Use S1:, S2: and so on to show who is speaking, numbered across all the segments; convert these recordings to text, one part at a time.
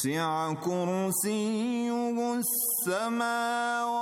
S1: وسع كرسيه السماوات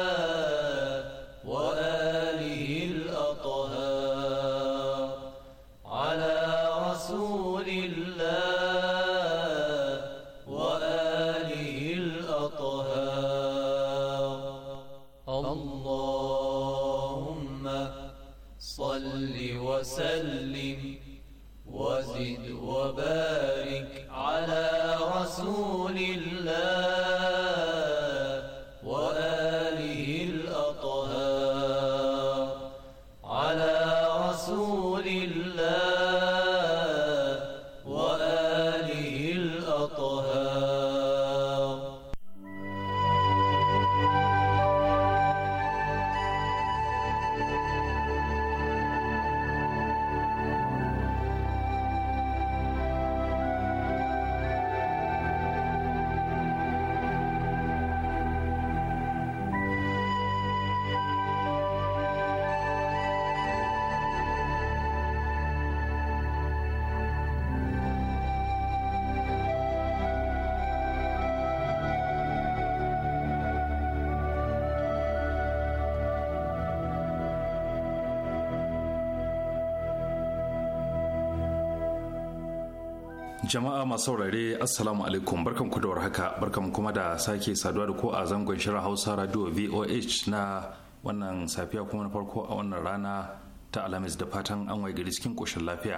S2: assalamu alaikum barkan ku da warhaka barkan kuma da sake saduwa da ko a zangon shirin hausa radio voh na wannan safiya kuma na farko a wannan rana ta alhamis da fatan an waye gari cikin koshin lafiya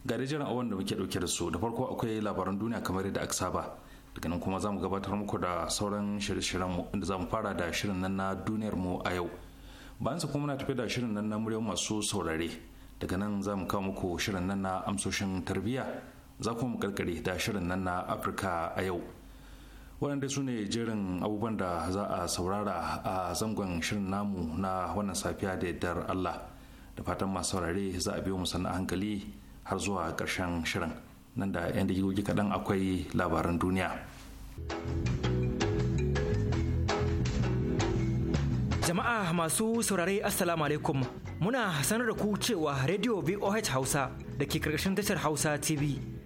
S2: ga jiran awon da muke dauke da su da farko akwai labaran duniya kamar yadda aka saba daga nan kuma za mu gabatar muku da sauran shirye-shiryen mu inda za mu fara da shirin nan na duniyar mu a yau bayan su kuma muna tafi da shirin nan na muryar masu saurare daga nan za mu kawo muku shirin nan na amsoshin tarbiyya za kuma mu karkare da shirin nan na afirka a yau waɗanda su ne jerin abubuwan da za a saurara a zangon shirin namu na wannan safiya da yardar allah da fatan masu saurare za a biyo a hankali har zuwa ƙarshen shirin nan da 'yan dagigogi kaɗan akwai labaran duniya
S3: jama'a masu saurare assalamu alaikum muna sanar da ku cewa radio voh hausa da ke karkashin tashar hausa tv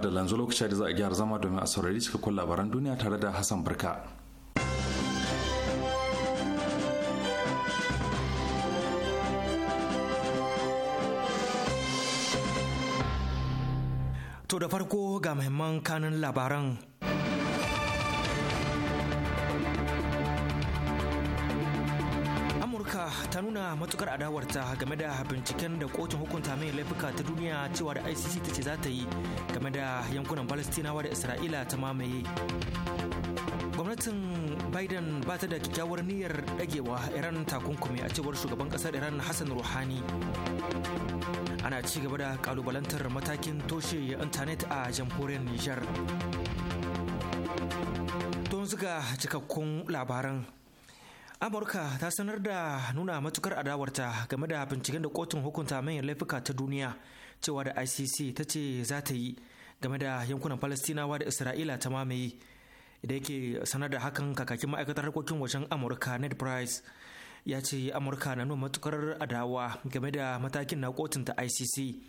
S2: Tuma da lanzu lokaci da za a gyara zama domin a saurari cikakkun labaran duniya tare da Hassan Barka.
S3: To da farko ga muhimman kanun labaran. ta nuna matukar adawarta game da binciken da kotun hukunta mai laifuka ta duniya cewa da icc ta ce za ta yi game da yankunan palestinawa da isra'ila ta mamaye gwamnatin biden ba ta da kyakkyawar niyyar dagewa iran takunkumi a cewar shugaban kasar iran hassan ruhani ana ci gaba da kalubalantar matakin toshe intanet a jamhuriyar nijar don zuga cikakkun labaran amurka ta sanar da nuna matukar adawarta game da binciken da kotun hukunta manyan laifuka ta duniya cewa da icc ta ce za ta yi game da yankunan falastinawa da isra'ila ta mamaye da yake sanar da hakan kakakin ma'aikatar harkokin wajen amurka ned price ya ce amurka na nuna matukar adawa game da matakin na kotun ta icc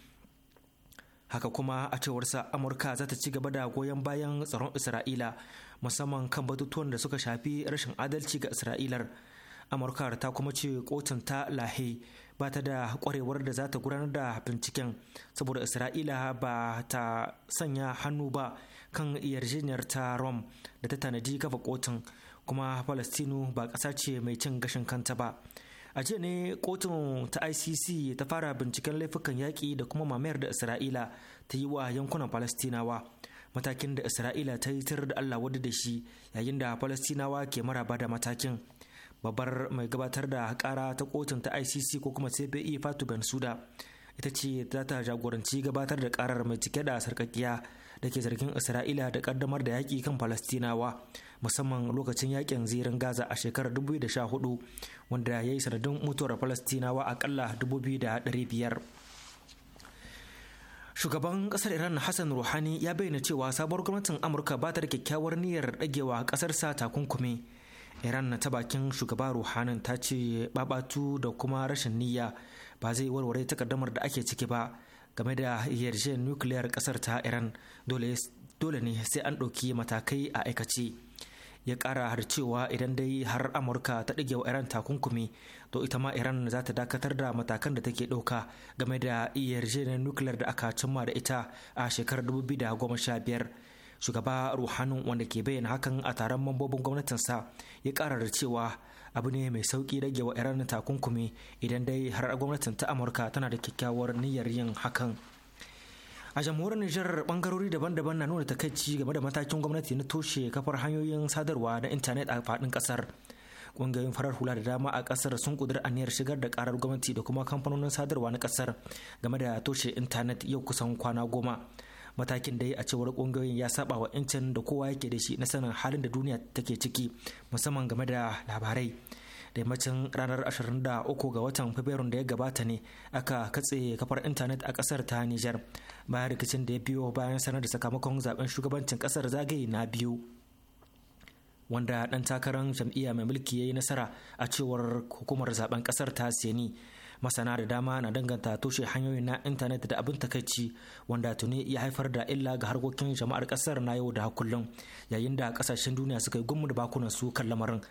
S3: haka kuma a cewarsa amurka za ta ci gaba da goyon bayan tsaron isra'ila musamman kan batutuwan da suka shafi rashin adalci ga isra'ilar amurkar ta kuma ce kotun ta lahe ba ta da kwarewar da za ta gudanar da binciken saboda isra'ila ba ta sanya hannu ba kan yarjejeniyar ta rom da ta tanadi kafa kotun kuma palestino ba ƙasa ce mai cin gashin kanta ba a jiya ne kotun ta icc ta fara binciken laifukan yaƙi da kuma mamayar da isra'ila ta yi wa yankunan palestinawa matakin da isra'ila ta yi tirar da allah wadda da shi yayin da falastinawa ke maraba da matakin babbar mai gabatar da kara ta kotun ta icc ko kuma cpe fatu suda ita ce za ta jagoranci gabatar da karar mai cike da sarkakiya da ke zargin isra'ila da kaddamar da yaƙi kan falastinawa musamman lokacin yaƙin zirin gaza a shekarar 2014 wanda ya yi sanadin mutuwar falastinawa akalla 2,500 shugaban kasar iran hassan ruhani ya bayyana cewa sabuwar gwamnatin amurka ba ta da kyakkyawar niyyar dagewa kasarsa takunkumi iran ta bakin shugaba ruhanin ta ce babatu da kuma rashin niyya ba zai warware takardamar da ake ciki ba game da yarjejeniyar nukiliyar kasar ta iran dole ne sai an ɗauki matakai a aikace ya kara har cewa idan dai har amurka ta ɗige wa iran takunkumi to ita ma iran za ta dakatar da matakan da take ɗauka game da yarjejeniyar nuklear da aka cimma da ita a shekarar 2015 shugaba ruhanin wanda ke bayyana hakan a taron mambobin gwamnatinsa ya kara da cewa abu ne mai sauki rage wa iran takunkumi idan dai har gwamnatin ta amurka tana da kyakkyawar niyyar yin hakan a jamhuriyar nijar bangarori daban-daban na nuna takaici game da matakin gwamnati na toshe kafar hanyoyin sadarwa na intanet a faɗin kasar ƙungiyoyin farar hula da dama a kasar sun ƙudiri aniyar shigar da ƙarar gwamnati da kuma kamfanonin sadarwa na kasar game da toshe intanet yau kusan kwana goma matakin da ya a cewar ƙungiyoyin ya saba wa 'yancin da kowa yake da shi na sanin halin da duniya take ciki musamman game da labarai da yammacin ranar 23 ga watan fabrairun da ya gabata ne aka katse kafar intanet a kasar ta Nijar bayan rikicin da ya biyo bayan sanar da sakamakon zaben shugabancin kasar zagaye na biyu wanda dan takarar jam'iyya mai mulki ya yi nasara a cewar hukumar zaben kasar ta Seni masana da dama na danganta toshe hanyoyin na intanet da abin takaici wanda tuni ya haifar da illa ga harkokin jama'ar kasar na yau da kullum yayin da kasashen duniya suka yi gumu da bakunan su kan lamarin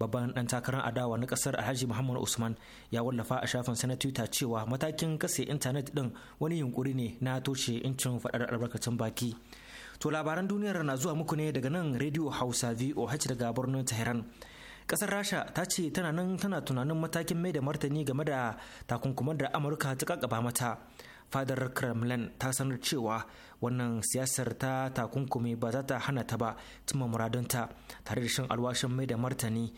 S3: babban dan takarar adawa na kasar alhaji muhammad usman ya wallafa a shafin sa na twitter cewa matakin kase intanet din wani yunkuri ne na toshe incin faɗar albarkacin baki to labaran duniyar na zuwa muku ne daga nan radio hausa voh daga birnin tehran kasar rasha ta ce tana nan tana tunanin matakin mai da martani game da takunkuman da amurka ta kakaba mata fadar kremlin ta sanar cewa wannan siyasar ta takunkumi ba za ta hana ta ba cimma muradunta tare da shan alwashin mai da martani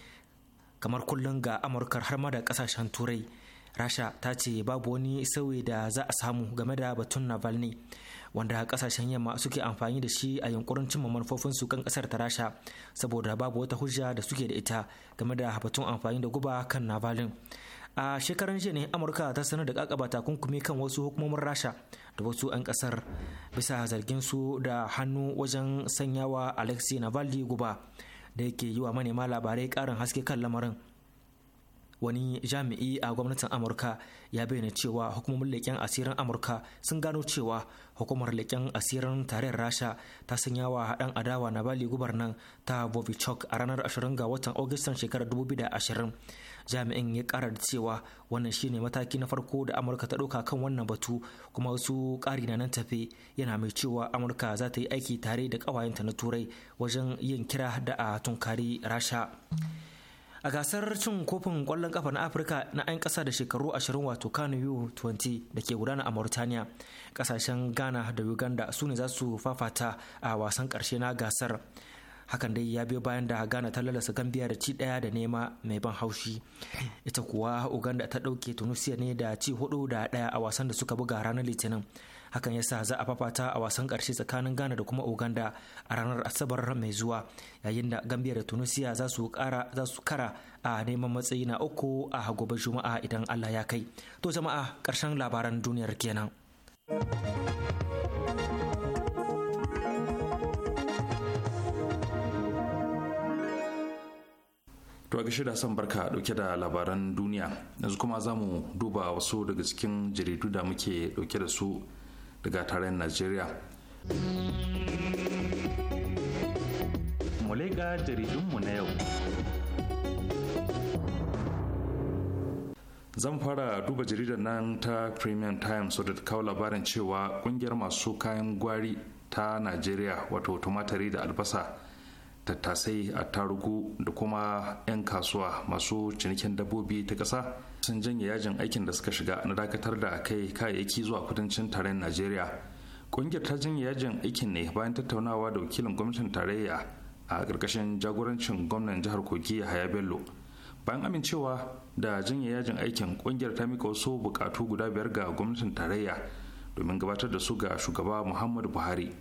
S3: kamar kullum ga amurkar har ma da kasashen turai rasha ta ce babu wani sauyi da za a samu game da batun navalny wanda kasashen yamma suke amfani da shi a yunkurin cimma manufofinsu kan kasar ta rasha saboda babu wata hujja da suke da ita game da batun amfani da guba kan navalny. a shekaran jiya ne amurka ta sanar da kakaba takunkumi kan wasu hukumomin rasha da wasu 'yan kasar bisa zargin su da hannu wajen sanyawa alexei navalny guba da yake yi wa manema labarai karin haske kan lamarin wani jami'i a gwamnatin amurka ya bayyana cewa hukumomin leƙen asirin amurka sun gano cewa hukumar leƙen asirin tarayyar rasha ta sanya wa haɗan adawa na bali gubarnan ta bovichok a ranar 20 ga watan agustan shekarar 2020 jami'in ya ƙara da cewa wannan shine mataki na farko da amurka ta ɗauka kan wannan batu kuma wasu ƙari na nan tafe yana mai cewa amurka za ta yi aiki tare da ƙawayenta na turai wajen yin kira da a tunkari rasha a gasar cin kofin kwallon kafa na afirka na 'yan kasa da shekaru 20 wato kano u20 da ke gudana a mauritania kasashen ghana da uganda su ne za su fafata a wasan karshe na gasar hakan dai ya biyo bayan da ghana ta lalasa gambia da ci daya da nema mai ban haushi ita kuwa uganda ta ɗauke tunisia ne da ci hudu da daya a wasan da suka buga ranar litinin hakan ya sa za a fafata a wasan ƙarshe tsakanin ghana da kuma uganda a ranar asabar mai zuwa yayin da gambia da tunisia za su kara a neman matsayi na uku a gobe juma'a idan allah ya kai to jama'a karshen labaran duniyar kenan.
S2: To ga da son barka dauke da labaran duniya yanzu kuma za mu duba wasu daga cikin jaridu da muke dauke da su daga tarayyar najeriya mulega jaridunmu na yau zan fara duba jaridar nan ta premium times da kawo labarin cewa kungiyar masu kayan gwari ta najeriya wato tumatari da albasa tattasai a tarugu da kuma 'yan kasuwa masu cinikin dabbobi ta ƙasa sun janye yajin aikin da suka shiga na dakatar da kai kayayyaki zuwa kudancin tarayyar najeriya ƙungiyar ta janye yajin aikin ne bayan tattaunawa da wakilin gwamnatin tarayya a ƙarƙashin jagorancin gwamnan jihar kogi yahaya bello bayan amincewa da janye yajin aikin ƙungiyar ta mika wasu buƙatu guda biyar ga gwamnatin tarayya domin gabatar da su ga shugaba muhammadu buhari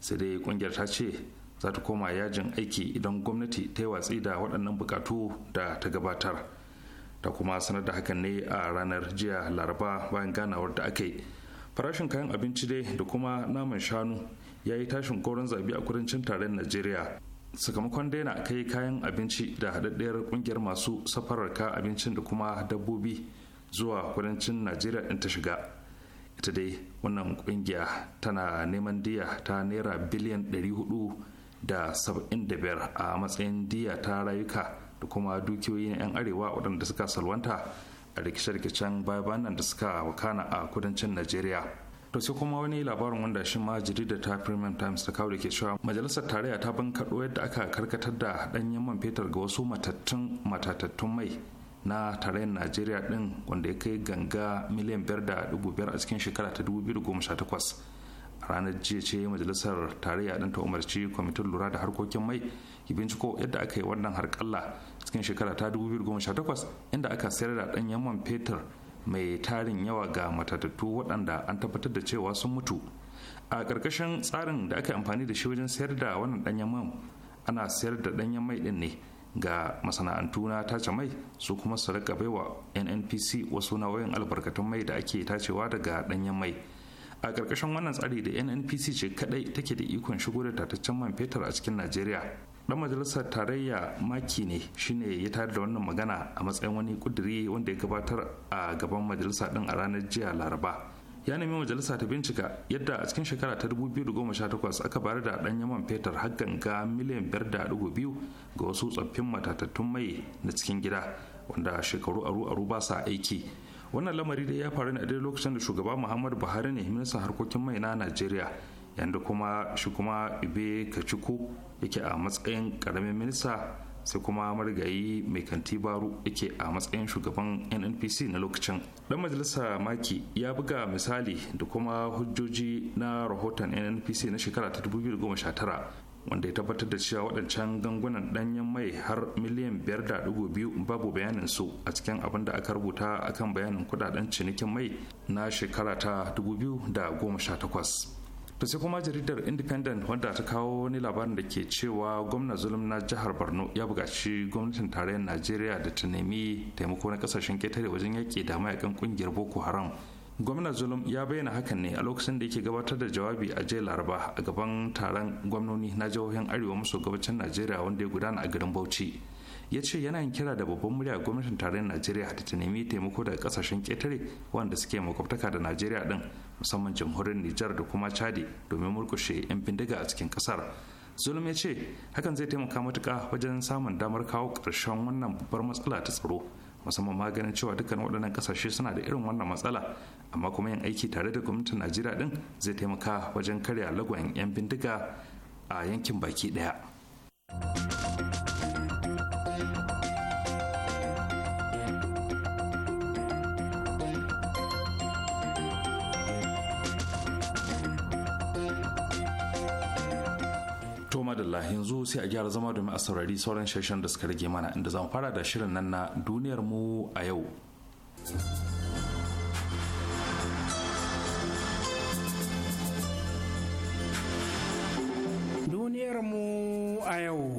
S2: sai dai ƙungiyar ta ce za ta koma yajin aiki idan gwamnati ta yi watsi da waɗannan bukatu da ta gabatar ta kuma sanar da hakan ne a ranar jiya laraba bayan ganawar da aka yi farashin kayan abinci dai da kuma naman shanu ya yi tashin koron zabi a kudancin taron najeriya sakamakon daina kai kayan abinci da haɗaɗɗiyar ƙungiyar masu safarar ka abincin da kuma dabbobi zuwa kudancin najeriya ɗin ta shiga ita dai wannan ƙungiya tana neman diya ta naira biliyan 400 da 75 a matsayin diya ta rayuka da kuma dukiyoyi na 'yan arewa waɗanda suka salwanta a rikice-rikicen baya da suka wakana a kudancin najeriya to sai kuma wani labarin wanda shi ma jarida ta premium times ta kawo da ke cewa majalisar tarayya ta kaɗo yadda aka karkatar da ɗanyen man fetur ga wasu matattun matatattun mai na tarayyar najeriya ɗin wanda ya kai ganga miliyan biyar da dubu biyar a cikin shekara ta dubu biyu da goma sha takwas ranar jiya ce majalisar tarayya din ta umarci kwamitin lura da harkokin mai ki binciko yadda aka yi wannan harkalla cikin shekara ta 2018 inda aka sayar da ɗanyen man fetur mai tarin yawa ga matatattu waɗanda an tabbatar da cewa sun mutu a ƙarƙashin tsarin da aka amfani da shi wajen sayar da wannan ɗanyen man ana sayar da ɗanyen mai ɗin ne ga masana'antu na tace mai su kuma su rika baiwa nnpc wasu nawayin albarkatun mai da ake tacewa daga ɗanyen mai a ƙarƙashin wannan tsari da nnpc ce kadai take da ikon shigo da tataccen man fetur a cikin najeriya dan majalisar tarayya maki ne shine ya tare da wannan magana a matsayin wani kuduri wanda ya gabatar a gaban majalisa din a ranar jiya laraba ya nemi majalisa ta bincika yadda a cikin shekara ta 2018 aka bayar da dan yaman fetur har ganga miliyan 5.2 ga wasu tsoffin matatattun mai na cikin gida wanda shekaru aru aru ba sa aiki wannan lamari dai ya faru ne a daidai lokacin da shugaba muhammadu buhari ne ministan harkokin mai na najeriya yanda kuma shi kuma ibe kaciku yake a matsayin karamin minista sai kuma marigayi mai kanti baro yake a matsayin shugaban nnpc na lokacin dan majalisa maki ya buga misali da kuma hujjoji na rahoton nnpc na shekara ta wanda ya tabbatar da cewa waɗancan gangunan ɗanyen mai har miliyan 5.2 babu bayanin su a cikin abin da aka rubuta akan bayanin kudaden cinikin mai na shekara ta 2018 ta sai kuma jaridar independent wanda ta kawo wani labarin da ke cewa gwamna zulum na jihar borno ya buƙaci gwamnatin tarayyar najeriya da ta nemi taimako na kasashen ketare wajen yaƙi da mayakan ƙungiyar boko haram gwamna zulum ya bayyana hakan ne a lokacin da yake gabatar da jawabi a jiya laraba a gaban taron gwamnoni na jihohin arewa maso gabacin najeriya wanda ya gudana a garin bauchi ya ce yana yin kira da babban murya gwamnatin tarayyar najeriya da ta nemi taimako daga kasashen ketare wanda suke makwabtaka da najeriya din musamman jamhuriyar nijar da kuma chadi domin murkushe 'yan bindiga a cikin kasar zulum ya ce hakan zai taimaka matuka wajen samun damar kawo ƙarshen wannan babbar matsala ta tsaro musamman maganin cewa dukkan waɗannan kasashe suna da irin wannan matsala amma kuma yin aiki tare da gwamnatin najeriya din zai taimaka wajen karya lagwan 'yan bindiga a yankin baki daya Toma da yanzu sai a gyara zama domin a saurari sauran shashen da suka rage mana inda zamu fara da shirin nan na duniyar mu a yau.
S4: mu a yau.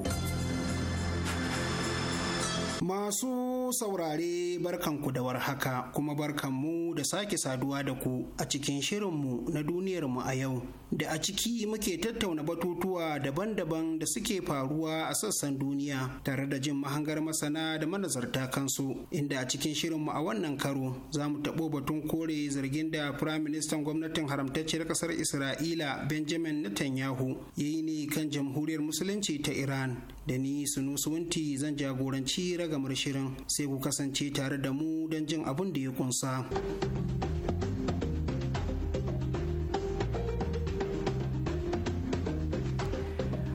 S4: Masu saurare barkanku da warhaka kuma barkanmu da sake saduwa da ku a cikin shirinmu na duniyarmu a yau. Da a ciki muke tattauna batutuwa daban-daban da suke faruwa a sassan duniya tare da jin mahangar masana da manazarta kansu inda a cikin shirinmu a wannan karo za mu taɓo batun kore zargin da Prime Minister gwamnatin haramtacciyar ƙasar Isra'ila Benjamin Netanyahu ya yi ne kan jamhuriyar Musulunci ta Iran da ni sunu suwunti zan jagoranci ragamar shirin sai ku kasance tare da mu don jin abin da ya kunsa.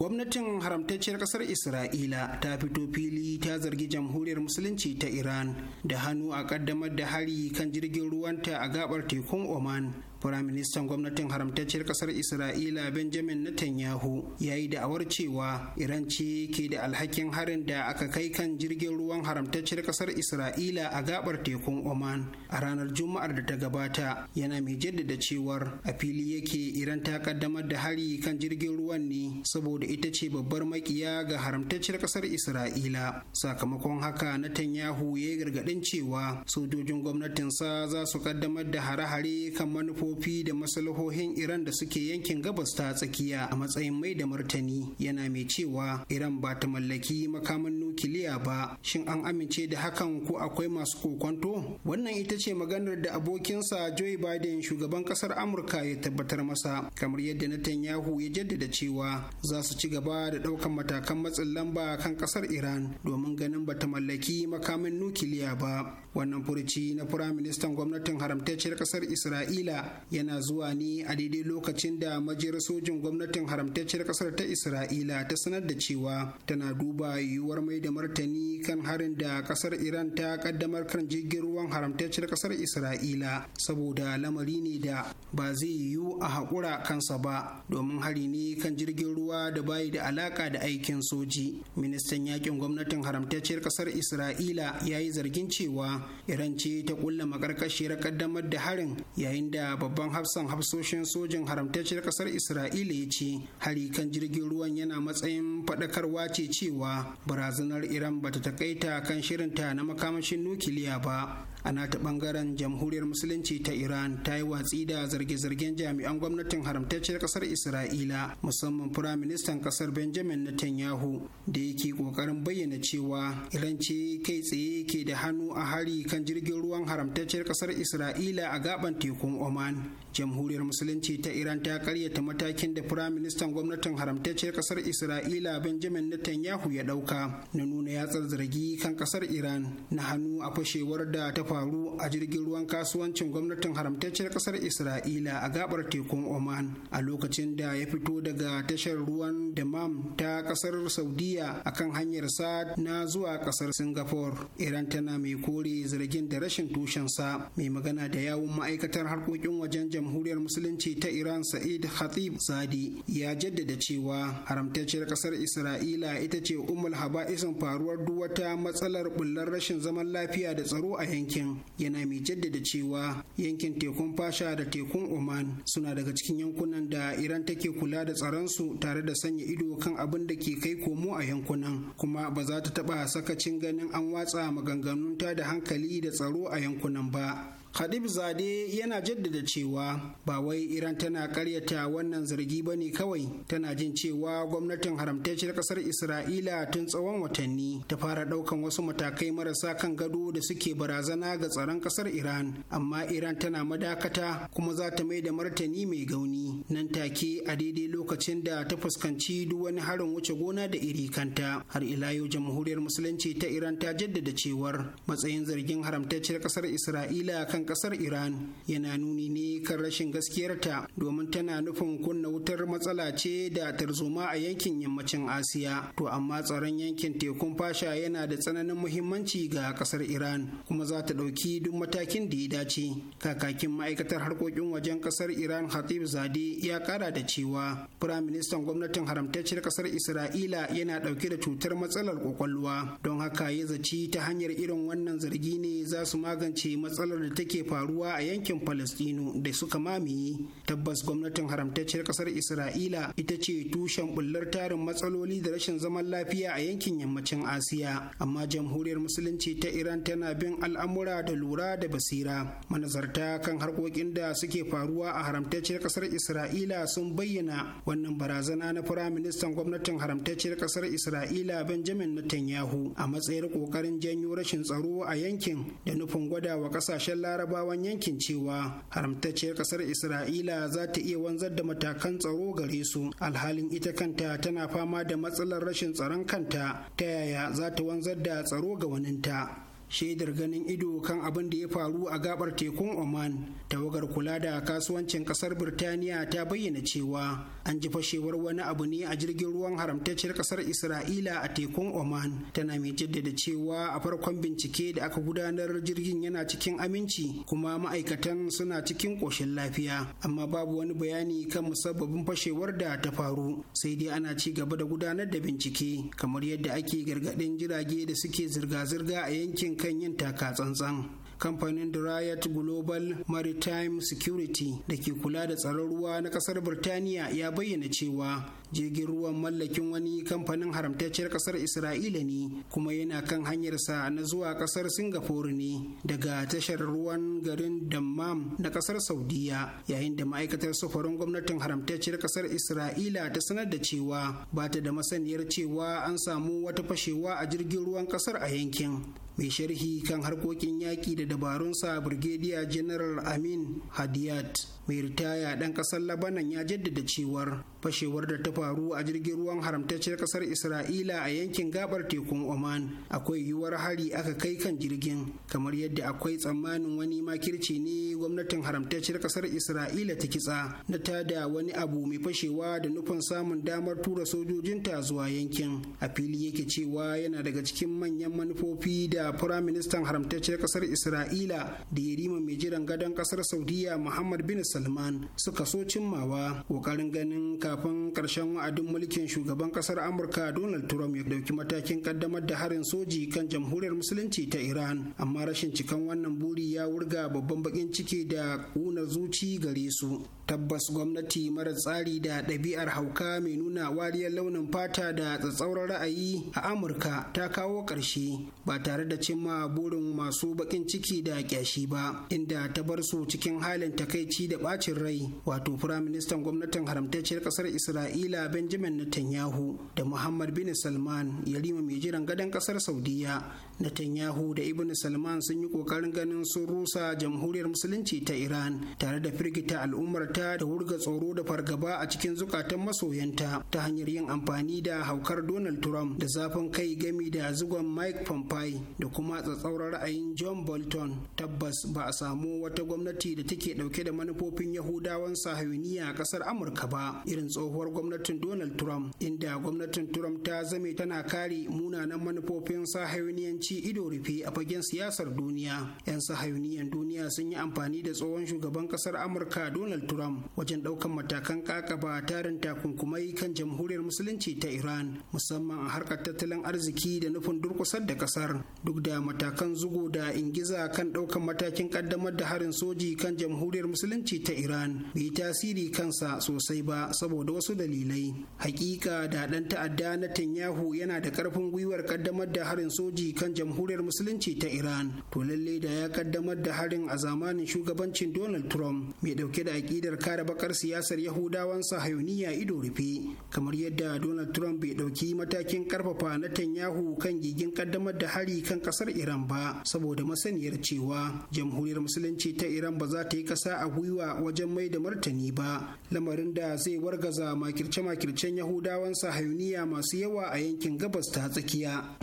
S4: gwamnatin haramtacciyar kasar isra'ila ta fito fili ta zargi jamhuriyar musulunci ta iran da hannu a kaddamar da hari kan jirgin ruwanta a gabar tekun oman Firaministan gwamnatin haramtacciyar ƙasar Isra'ila Benjamin Netanyahu ya yi da'awar cewa Iran ce ke da alhakin harin da aka kai kan jirgin ruwan haramtacciyar ƙasar Isra'ila a gabar tekun Oman a ranar Juma'ar da ta gabata yana mai jaddada cewar a fili yake Iran ta kaddamar da hari kan jirgin ruwan ne saboda ita ce babbar makiya ga haramtacciyar ƙasar Isra'ila sakamakon haka Netanyahu ya yi gargadin cewa sojojin gwamnatinsa za su kaddamar da hare-hare kan manufo. manufofi da masalahohin Iran da suke yankin gabas ta tsakiya a matsayin mai da martani yana mai cewa Iran ba ta mallaki makaman nukiliya ba shin an amince da hakan ko akwai masu kokwanto? wannan ita ce maganar da abokinsa Joe Biden shugaban kasar Amurka ya tabbatar masa kamar yadda Netanyahu ya jaddada cewa za su ci gaba da ɗaukan matakan matsin lamba kan kasar Iran domin ganin ba ta mallaki makamin nukiliya ba wannan furuci na firaministan gwamnatin haramtacciyar kasar Isra'ila yana zuwa ne a daidai lokacin da majiyar sojin gwamnatin haramtacciyar kasar ta isra'ila ta sanar da cewa tana duba yiwuwar mai da martani kan harin da kasar iran ta kaddamar kan jirgin ruwan haramtacciyar kasar isra'ila saboda lamari ne da ba zai yiwu a haƙura kansa ba domin hari ne kan jirgin ruwa da bayi da alaka da aikin soji ministan yakin gwamnatin haramtacciyar kasar isra'ila ya yi zargin cewa iran ce ta kulla makarkashiyar kaddamar da harin yayin da babban hafsan hafsoshin sojin haramtacciyar kasar isra'ila ya ce hari kan jirgin ruwan yana matsayin faɗakarwa ce cewa barazanar iran bata takaita kan shirinta na makamashin nukiliya ba a nata bangaren jamhuriyar musulunci ta iran ta yi watsi da zarge-zargen jami'an gwamnatin haramtacciyar kasar isra'ila musamman firaministan kasar benjamin netanyahu da yake kokarin bayyana cewa iran ce kai tsaye ke da hannu a hari kan jirgin ruwan haramtacciyar kasar isra'ila a gaban tekun oman jamhuriyar musulunci ta iran ta karyata matakin da firaministan gwamnatin haramtacciyar kasar isra'ila benjamin netanyahu ya dauka na nuna yatsar zargi kan kasar iran na hannu a fashewar da ta faru a jirgin ruwan kasuwancin gwamnatin haramtacciyar kasar isra'ila a gabar tekun oman a lokacin da ya fito daga tashar ruwan damam ta kasar saudiya akan hanyar sa na zuwa kasar singapore iran tana mai kore zargin da rashin tushensa mai magana da yawun ma'aikatar harkokin wajen jamhuriyar musulunci ta iran sa'id khatib zadi ya jaddada cewa haramtacciyar kasar isra'ila ita ce umul isan faruwar duwata matsalar bullar rashin zaman lafiya da tsaro a yankin yankin yana mai jaddada cewa yankin tekun fasha da tekun oman suna daga cikin yankunan da iran take kula da tsaronsu tare da sanya ido kan abin da ke kai komo a yankunan kuma ba za ta taɓa sakacin ganin an watsa maganganunta da hankali da tsaro a yankunan ba Khadib Zade yana jaddada cewa ba wai Iran tana karyata wannan zargi ba ne kawai tana jin cewa gwamnatin haramtacciyar ƙasar Isra'ila tun tsawon watanni ta fara ɗaukan wasu matakai marasa kan gado da suke barazana ga tsaron ƙasar Iran amma Iran tana madakata kuma za ta mai da martani mai gauni nan take a daidai lokacin da ta fuskanci duk wani harin wuce gona da iri kanta har ila yau jamhuriyar musulunci ta Iran ta jaddada cewar matsayin zargin haramtacciyar kasar Isra'ila kan akan kasar iran yana nuni ne kan rashin gaskiyarta domin tana nufin kunna wutar matsala ce da tarzoma a yankin yammacin asiya to amma tsaron yankin tekun fasha yana da tsananin muhimmanci ga ƙasar iran kuma za ta ɗauki duk matakin da ya dace kakakin ma'aikatar harkokin wajen ƙasar iran hatib zade ya kara da cewa firaministan gwamnatin haramtacciyar Ƙasar isra'ila yana ɗauke da cutar matsalar kwakwalwa don haka ya zaci ta hanyar irin wannan zargi ne za su magance matsalar da take ke faruwa a yankin Falastinu da suka mamaye tabbas gwamnatin haramtacciyar kasar Isra'ila ita ce tushen bullar tarin matsaloli da rashin zaman lafiya a yankin yammacin Asiya amma jamhuriyar musulunci ta Iran tana bin al'amura da lura da basira manazarta kan harkokin da suke faruwa a haramtacciyar kasar Isra'ila sun bayyana wannan barazana na firaministan gwamnatin haramtacciyar kasar Isra'ila Benjamin Netanyahu a matsayin kokarin janyo rashin tsaro a yankin da nufin gwada wa kasashen Larabawa larabawan yankin cewa haramtacciyar kasar isra'ila za ta iya wanzar da matakan tsaro gare su alhalin ita kanta tana fama da matsalar rashin tsaron kanta ta yaya za ta wanzar da tsaro ga waninta shaidar ganin ido kan abin da ya faru a gabar tekun oman tawagar kula da kasuwancin kasar birtaniya ta bayyana cewa an ji fashewar wani abu ne a jirgin ruwan haramtacciyar kasar isra'ila a tekun oman tana mai jaddada cewa a farkon bincike da aka gudanar jirgin yana cikin aminci kuma ma'aikatan suna cikin ƙoshin lafiya amma babu wani bayani kan musabbabin fashewar da ta faru sai dai ana ci gaba da gudanar da bincike kamar yadda ake gargaɗin jirage da suke zirga-zirga a yankin kan yin taka tsantsan kamfanin Riot Global Maritime Security da ke kula da tsaron ruwa na kasar Birtaniya ya bayyana cewa jirgin ruwan mallakin wani kamfanin haramtacciyar kasar isra'ila ne kuma yana kan hanyarsa na zuwa kasar singapore ne daga tashar ruwan garin damam na kasar saudiya yayin da ma'aikatar sufurin gwamnatin haramtacciyar kasar isra'ila ta sanar da cewa ba ta da masaniyar cewa an samu wata fashewa a jirgin ruwan kasar a yankin mai sharhi kan harkokin yaƙi da dabarunsa brigadier general amin hadiyat mai ritaya ɗan ƙasar labanan ya jaddada cewar fashewar da ta faru a jirgin ruwan haramtacciyar kasar isra'ila a yankin gabar tekun oman akwai yiwuwar hari aka kai kan jirgin kamar yadda akwai tsammanin wani makirci ne gwamnatin haramtacciyar kasar isra'ila ta kitsa na tada wani abu mai fashewa da nufin samun damar tura sojojinta zuwa yankin a fili yake cewa yana daga cikin manyan manufofi da firaministan haramtacciyar kasar isra'ila da yarima mai jiran gadon kasar saudiya muhammad bin salman suka so cimmawa Ƙoƙarin ganin kafin karshen wa'adin mulkin shugaban kasar amurka donald trump ya dauki matakin kaddamar da harin soji kan jamhuriyar musulunci ta iran amma rashin cikan wannan buri ya wurga babban bakin ciki da kuna zuci gare su tabbas gwamnati mara tsari da ɗabi'ar hauka mai nuna wariyar launin fata da tsatsauran ra'ayi a amurka ta kawo ƙarshe ba tare da cimma burin masu bakin ciki da ƙyashi ba inda ta bar su cikin halin takaici da ɓacin rai wato firaministan gwamnatin haramtacciyar ƙasar isra'ila da benjamin netanyahu da muhammad bin salman yarima mai jiran gadon kasar Saudiyya. Netanyahu da Ibn Salman sun yi kokarin ganin sun rusa jamhuriyar musulunci ta Iran tare da firgita al'ummar ta da wurga tsoro da fargaba a cikin zukatan masoyanta ta hanyar yin amfani da haukar Donald Trump da zafin kai gami da zugon Mike Pompeo da kuma tsatsauran ra'ayin John Bolton tabbas ba a samu wata gwamnati da take dauke da manufofin Yahudawan sahayuniya a kasar Amurka ba irin tsohuwar gwamnatin Donald Trump inda gwamnatin Trump ta zame tana kare munanan manufofin sahayuniyanci ci ido rufe a fagen siyasar duniya yan sahayuniyan duniya sun yi amfani da tsohon shugaban kasar amurka donald trump wajen ɗaukan matakan ƙaƙaba tarin takunkumai kan jamhuriyar musulunci ta iran musamman a harkar tattalin arziki da nufin durkusar da kasar duk da matakan zugo da ingiza kan ɗaukan matakin ƙaddamar da harin soji kan jamhuriyar musulunci ta iran bai tasiri kansa sosai ba saboda wasu dalilai hakika da ɗan ta'adda na tanyahu yana da ƙarfin gwiwar ƙaddamar da harin soji kan jamhuriyar musulunci ta iran to lalle da ya kaddamar da harin a zamanin shugabancin donald trump mai dauke da aƙidar kare bakar siyasar yahudawan sahayuniya ido rufe kamar yadda donald trump bai dauki matakin karfafa na tanyahu kan gigin kaddamar da hari kan kasar iran ba saboda masaniyar cewa jamhuriyar musulunci ta iran ba za ta yi kasa a gwiwa wajen mai da martani ba lamarin da zai wargaza makirce-makircen yahudawan sahayuniya masu yawa a yankin gabas ta tsakiya.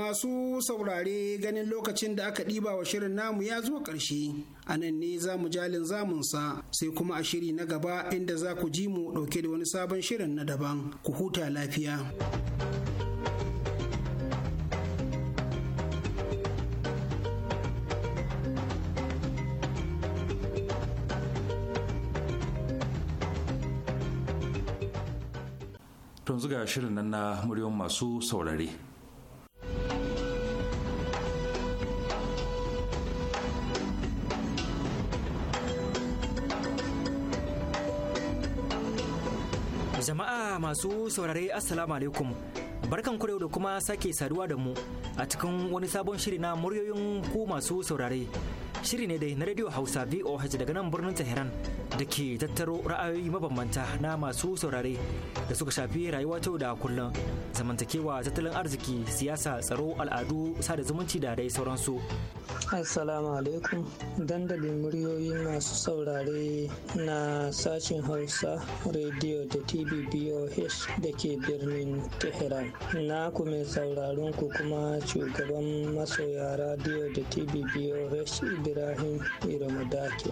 S4: masu saurare ganin lokacin da aka ɗiba wa shirin namu ya zo ƙarshe a nan ne za mu jalin zamunsa sai kuma a shiri na gaba inda za ku ji mu ɗauke da wani sabon shirin na daban ku huta lafiya.
S2: yanzu ga shirin nan na muryoyin masu saurare.
S3: masu saurare assalamu alaikum barkan kwarewa da kuma sake saduwa da mu a cikin wani sabon shiri na muryoyin ku masu saurare shiri ne dai na radio hausa voh daga nan birnin tehran da ke tattaro ra'ayoyi mabambanta na masu saurare da suka shafi rayuwa ta da kullum zamantakewa tattalin arziki siyasa tsaro al'adu sada zumunci da dai sauransu
S5: Assalamu alaikum dandalin muryoyi masu saurare na sashin Hausa rediyo da TV BOH da ke birnin Tehran. Na ku mai sauraron ku kuma shugaban masoya Radio da TV BOH Ibrahim Iramadake.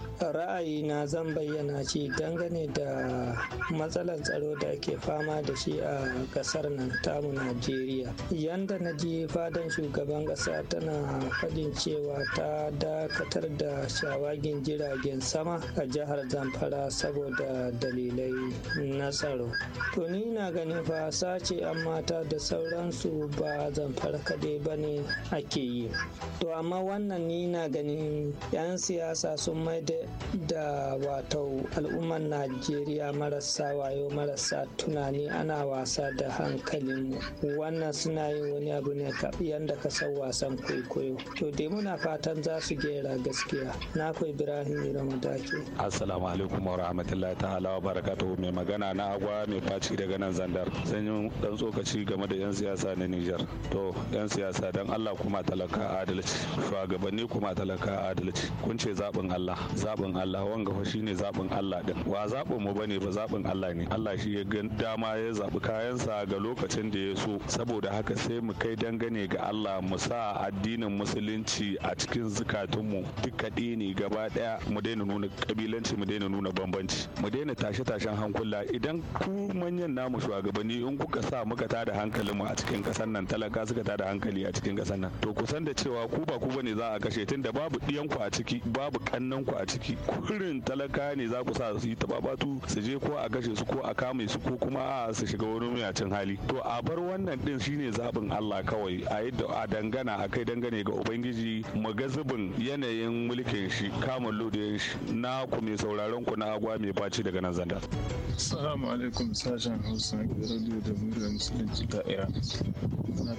S5: na zan bayyana shi dangane da matsalar tsaro da ake fama da shi a kasar nan tamu Najeriya. Yanda na ji fadan shugaban ƙasa tana faɗin cewa ta dakatar da shawagin jiragen sama a jihar zamfara saboda dalilai na tsaro to ni na ganin fa sace an mata da sauransu ba zamfara kadai ba ne ake yi to amma wannan ni na ganin 'yan siyasa sun mai da wato al'ummar najeriya marasa wayo marasa tunani ana wasa da hankalin wannan suna yin wani abu ne yadda ka san wasan kwaikwayo to dai muna fata fatan za su gera gaskiya na ku ibrahim idan mataki
S6: assalamu alaikum wa rahmatullahi ta'ala wa barakatuhu mai magana na agwa mai faci daga nan zandar zan yi dan tsokaci game da yan siyasa na niger to yan siyasa dan allah kuma talaka adalci shugabanni kuma talaka adalci kun ce zaɓin allah zaɓin allah wanga fa shine zaɓin allah din wa zaɓin mu bane ba zaɓin allah ne allah shi ya ga dama ya zaɓi kayansa ga lokacin da ya so saboda haka sai mu kai dangane ga allah mu sa addinin musulunci a cikin cikin zukatunmu duka ɗaya ne gaba ɗaya mu daina nuna kabilanci mu daina nuna bambanci mu daina tashe-tashen hankula idan ku manyan namu shugabanni in kuka sa muka tada hankalinmu a cikin ƙasar nan talaka suka tada hankali a cikin ƙasar nan to ku san da cewa ku ba ku bane za a kashe tun da babu ɗiyanku a ciki babu ƙannanku a ciki kurin talaka ne za ku sa su yi tababatu su je ko a kashe su ko a kame su ko kuma a su shiga wani miyacin hali to a bar wannan din shine zaɓin Allah kawai a yadda a dangana a kai dangane ga ubangiji mu gazibin yanayin mulkin shi kamun ludiyan shi na ku mai sauraron ku na agwa mai faci daga nan zanda.
S7: Assalamu alaikum sashen Hausa na radio da muryar musulunci ta iya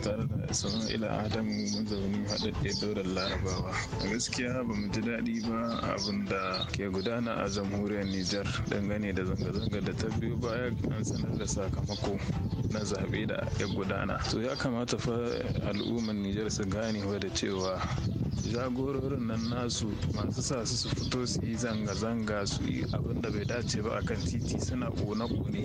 S7: tare da sauran ila Adamu mazaunin da daular Larabawa. A gaskiya ba mu ji daɗi ba abin da ke gudana a jamhuriyar Nijar dangane da zanga-zanga da ta biyo baya an sanar da sakamako na zaɓe da ya gudana. To ya kamata fa al'ummar Nijar su gane da cewa jagororin nan nasu masu sa su fito su yi zanga-zanga su yi abin da bai dace ba akan titi suna kone-kone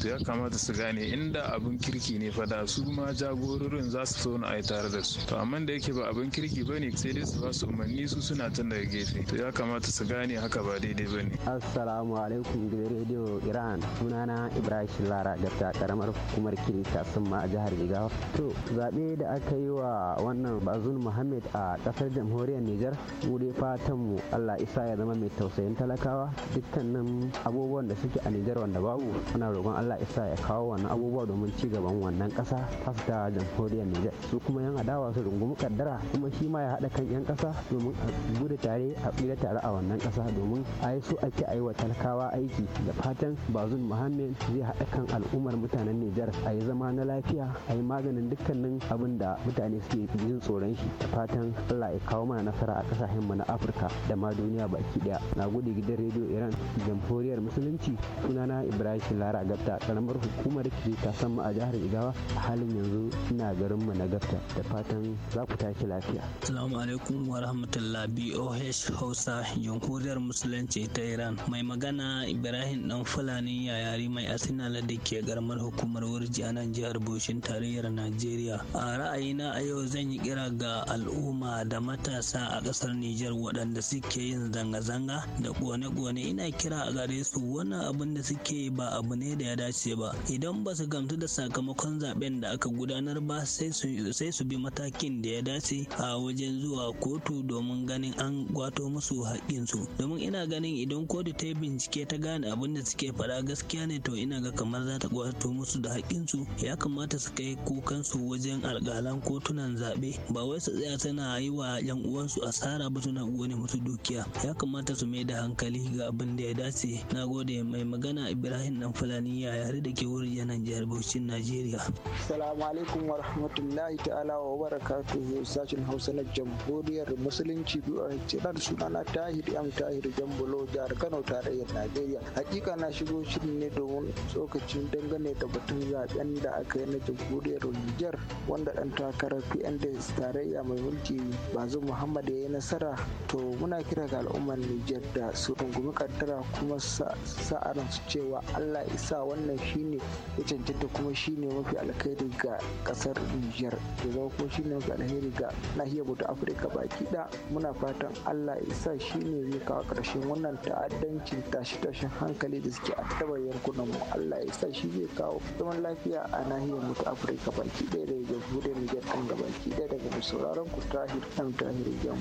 S7: to ya kamata su gane inda abin kirki ne fada su ma jagororin za su zauna a yi tare da su to amma da yake ba abin kirki ba ne sai dai su ba su umarni su suna can daga gefe to ya kamata su gane haka ba daidai ba ne
S8: assalamu alaikum gidan rediyo iran sunana ibrahim lara da karamar hukumar kirista sun a jihar jigawa to zaɓe da aka yi wa wannan bazun muhammad a ƙasa. ta jamhuriyar Nijar wuri fatan mu Allah isa ya zama mai tausayin talakawa dukkanin abubuwan da suke a Nijar wanda babu ana roƙon Allah isa ya kawo wannan abubuwa domin ci gaban wannan ƙasa ta jamhuriyar Nijar su kuma yan adawa su rungumi kaddara kuma shi ma ya haɗa kan yan ƙasa domin a gudu tare a tsira tare a wannan ƙasa domin a yi su ake a yi wa talakawa aiki da fatan bazun muhammed zai haɗa kan al'ummar mutanen Nijar a yi zama na lafiya a yi maganin dukkanin abin da mutane suke yin tsoron shi da fatan Allah kawo mana nasara a kasashen mu na Afirka da ma duniya baki daya. Na gode gidan Radio Iran Jamhuriyar Musulunci sunana Ibrahim Lara Gafta karamar hukumar kiri ta san a jihar Igawa a halin yanzu ina garin mu na Gafta da fatan za ku tashi lafiya.
S9: Assalamu alaikum wa rahmatullah BOH Hausa Jamhuriyar Musulunci ta Iran mai magana Ibrahim dan Fulani yari mai asinala da ke garmar hukumar wurji a nan jihar tarayyar Najeriya. A ra'ayina a yau zan yi kira ga al'umma da matasa a ƙasar Nijar waɗanda suke yin zanga-zanga da ƙone-ƙone ina kira a gare su wannan abin da suke yi ba abu ne da ya dace ba idan ba su gamsu da sakamakon zaɓen da aka gudanar ba sai su bi matakin da ya dace a wajen zuwa kotu domin ganin an gwato musu haƙƙinsu domin ina ganin idan kotu ta yi bincike ta gane abin da suke faɗa gaskiya ne to ina ga kamar za ta gwato musu da haƙƙinsu ya kamata su kai kukansu wajen alƙalan kotunan zaɓe ba wai su tsaya tana yi wa yan uwansu asara ba suna ne musu dukiya ya kamata su mai da hankali ga abin da ya dace na gode mai magana ibrahim dan fulani ya yare da ke wurin yanan jihar bauchi najeriya
S4: assalamu alaikum wa rahmatullahi ta'ala wa barakatuhu sashen hausa na jamhuriyar musulunci biyar da na tahir yam tahir jambulo jihar kano tarayyar najeriya hakika na shigo shirin ne domin tsokacin dangane da batun zaben da aka yi na jamhuriyar niger wanda dan takarar pnds tarayya mai mulki bazum muhammad ya yi nasara to muna kira ga al'ummar nijar da su rungumi kaddara kuma sa'aran su cewa allah isa wannan shine ya cancanta kuma shine mafi alkhairi ga
S9: kasar nijar da zama kuma shine mafi alkhairi ga nahiyar mutu afirka baki da muna
S4: fatan allah isa shine zai kawo karshen wannan ta'addancin tashi-tashin hankali da suke attabar yankunan mu allah isa shi zai kawo zaman lafiya a nahiyar mu afirka baki ɗaya daga jamhuriyar nijar kan gabaki ɗaya daga sauraron ku tahir kan Tahir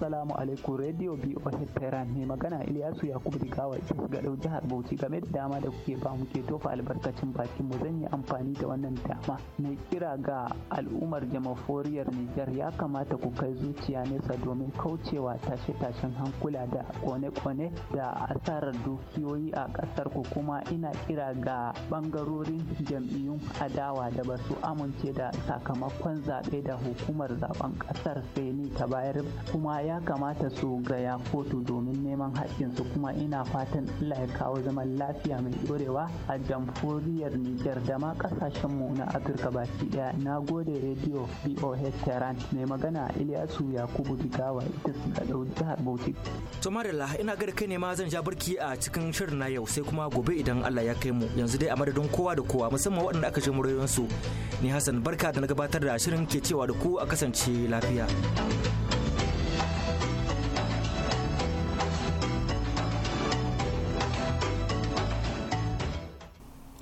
S9: Salamu alaikum Radio BOH Tehran mai magana Ilyasu Yakubu Digawa Idris dau jihar Bauchi game da dama da kuke ba mu ke tofa albarkacin bakin mu zan yi amfani da wannan dama mai kira ga al'ummar jamaforiyar niger ya kamata ku kai zuciya nesa domin kaucewa tashe-tashen hankula da kone-kone da asarar dukiyoyi a kasar ku kuma ina kira ga bangarorin jam'iyyun adawa da ba su amince da sakamakon zaɓe da hukumar zaben ƙasa sarfeni ta bayar kuma ya kamata su gaya kotu domin neman haƙƙinsu kuma ina fatan Allah ya kawo zaman lafiya mai ɗorewa a jamhuriyar Nijar da ma mu na Afirka baki ɗaya. Na gode rediyo BOH Tehran mai magana Ilyasu Yakubu Bigawa ita su da ɗau jihar Bauchi.
S3: To Marilla ina ga kai ne ma zan ja barki a cikin shirin na yau sai kuma gobe idan Allah ya kai mu yanzu dai a madadin kowa da kowa musamman waɗanda aka ji murayensu. Ni Hassan barka da na gabatar da shirin ke cewa da ku a kasance lafiya. lafiya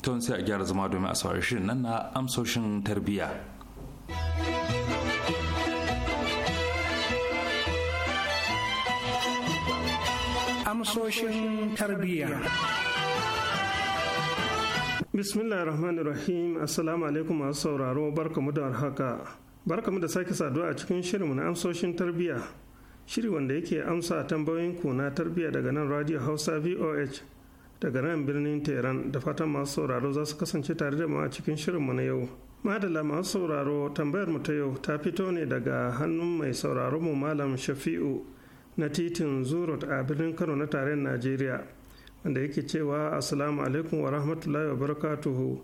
S2: tun sai a gyara zama domin a saurari shirin nan na amsoshin tarbiyya
S7: amsoshin tarbiyya bismillahir rahmanir rahim assalamu alaikum masu sauraro barkamu da warhaka barkamu da sake saduwa a cikin shirinmu na amsoshin tarbiyya shiri wanda yake amsa tambayoyin ku na tarbiyya daga nan radio hausa voh daga nan birnin tehran da fatan masu sauraro za su kasance tare da mu a cikin shirinmu na yau madala masu sauraro tambayar mu ta yau ta fito ne daga hannun mai sauraro mu malam shafi'u na titin zurot a birnin kano na tarayyar najeriya wanda yake cewa Asalamu alaikum wa rahmatullahi wa barakatuhu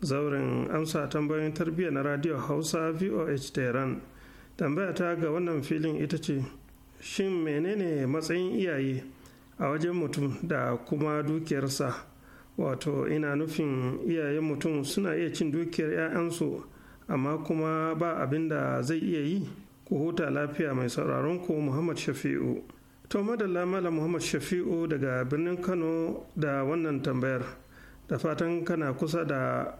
S7: zauren amsa tambayoyin tarbiyya na radio hausa voh tehran tambaya ta ga wannan filin ita ce shin menene matsayin iyaye a wajen mutum da kuma dukiyarsa wato ina nufin iyayen mutum suna iya cin dukiyar 'ya'yansu amma kuma ba abin da zai iya yi ku huta lafiya mai sauraron ku muhammad shafi'u to madalla malam muhammad shafi'u daga birnin kano da wannan tambayar da fatan kana kusa da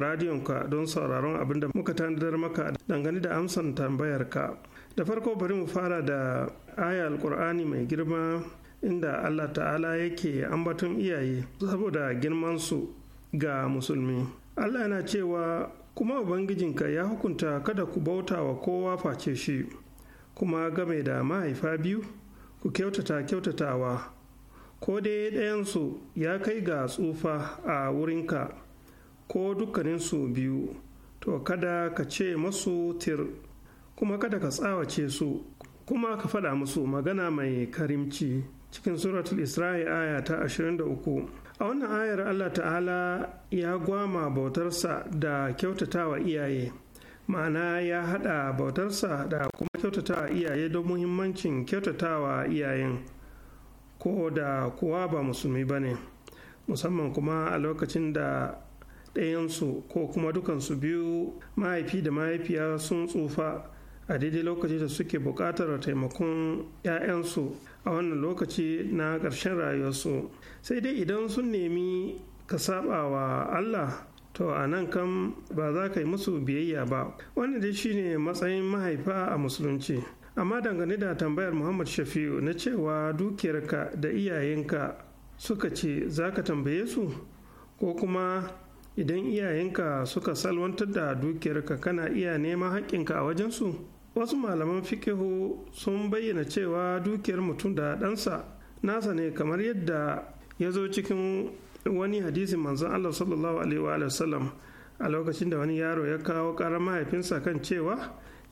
S7: radiyonka don sauraron abin da muka tanadar maka dangane da amsan tambayarka da farko bari mu fara da aya alkur'ani mai girma inda allah ta'ala yake ambaton iyaye saboda girmansu ga musulmi allah yana cewa kuma ubangijinka ya hukunta kada ku bauta wa kowa face shi kuma game da mahaifa biyu ku kyautata kyautatawa ko dai ɗayansu ya kai ga tsufa a wurinka ko dukkaninsu biyu to kada ka ce masu tir kuma kada ka tsawace su kuma ka faɗa musu magana mai karimci cikin suratul isra'i aya ta 23 a wannan ayar allah ta'ala ya gwama bautarsa da kyautatawa iyaye ma'ana ya haɗa bautarsa da kuma kyautatawa iyaye don muhimmancin kyautatawa iyayen ko da kuwa ba musulmi ba ne musamman kuma a lokacin da ɗayansu ko kuma dukansu biyu mahaifi da mahaifiya sun tsufa a daidai lokaci da suke buƙatar taimakon 'ya'yansu a wannan lokaci na ƙarshen rayuwarsu sai dai idan sun nemi ka saba wa allah to a nan kam ba za ka yi musu biyayya ba wannan dai shine matsayin mahaifa a musulunci amma dangane da tambayar muhammad shafi'u na cewa dukiyarka da iyayenka suka ce za ka tambaye su ko kuma idan iyayenka suka salwantar da dukiyarka kana iya neman haƙƙinka a wajensu wasu malaman fikihu sun bayyana cewa dukiyar mutum da ɗansa nasa ne kamar yadda ya zo cikin wani hadisin manzon Allah sallallahu alaihi wa sallam a lokacin da wani yaro ya kawo ƙarar mahaifinsa kan cewa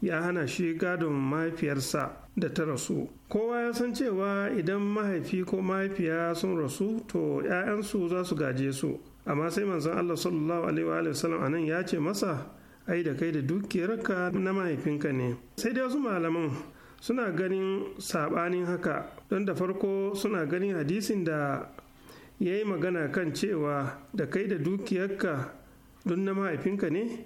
S7: ya hana shi gadon mahaifiyarsa da ta rasu kowa ya san cewa idan mahaifi ko mahaifiya sun rasu to 'ya'yansu za su gaje su amma sai manzon Allah sallallahu alaihi wa sallam anan ya ce masa ai da kai da dukiyarka na mahaifinka ne sai dai wasu malaman suna ganin sabanin haka don da farko suna ganin hadisin da ya yi magana kan cewa da kai da dukiyarka don na mahaifinka ne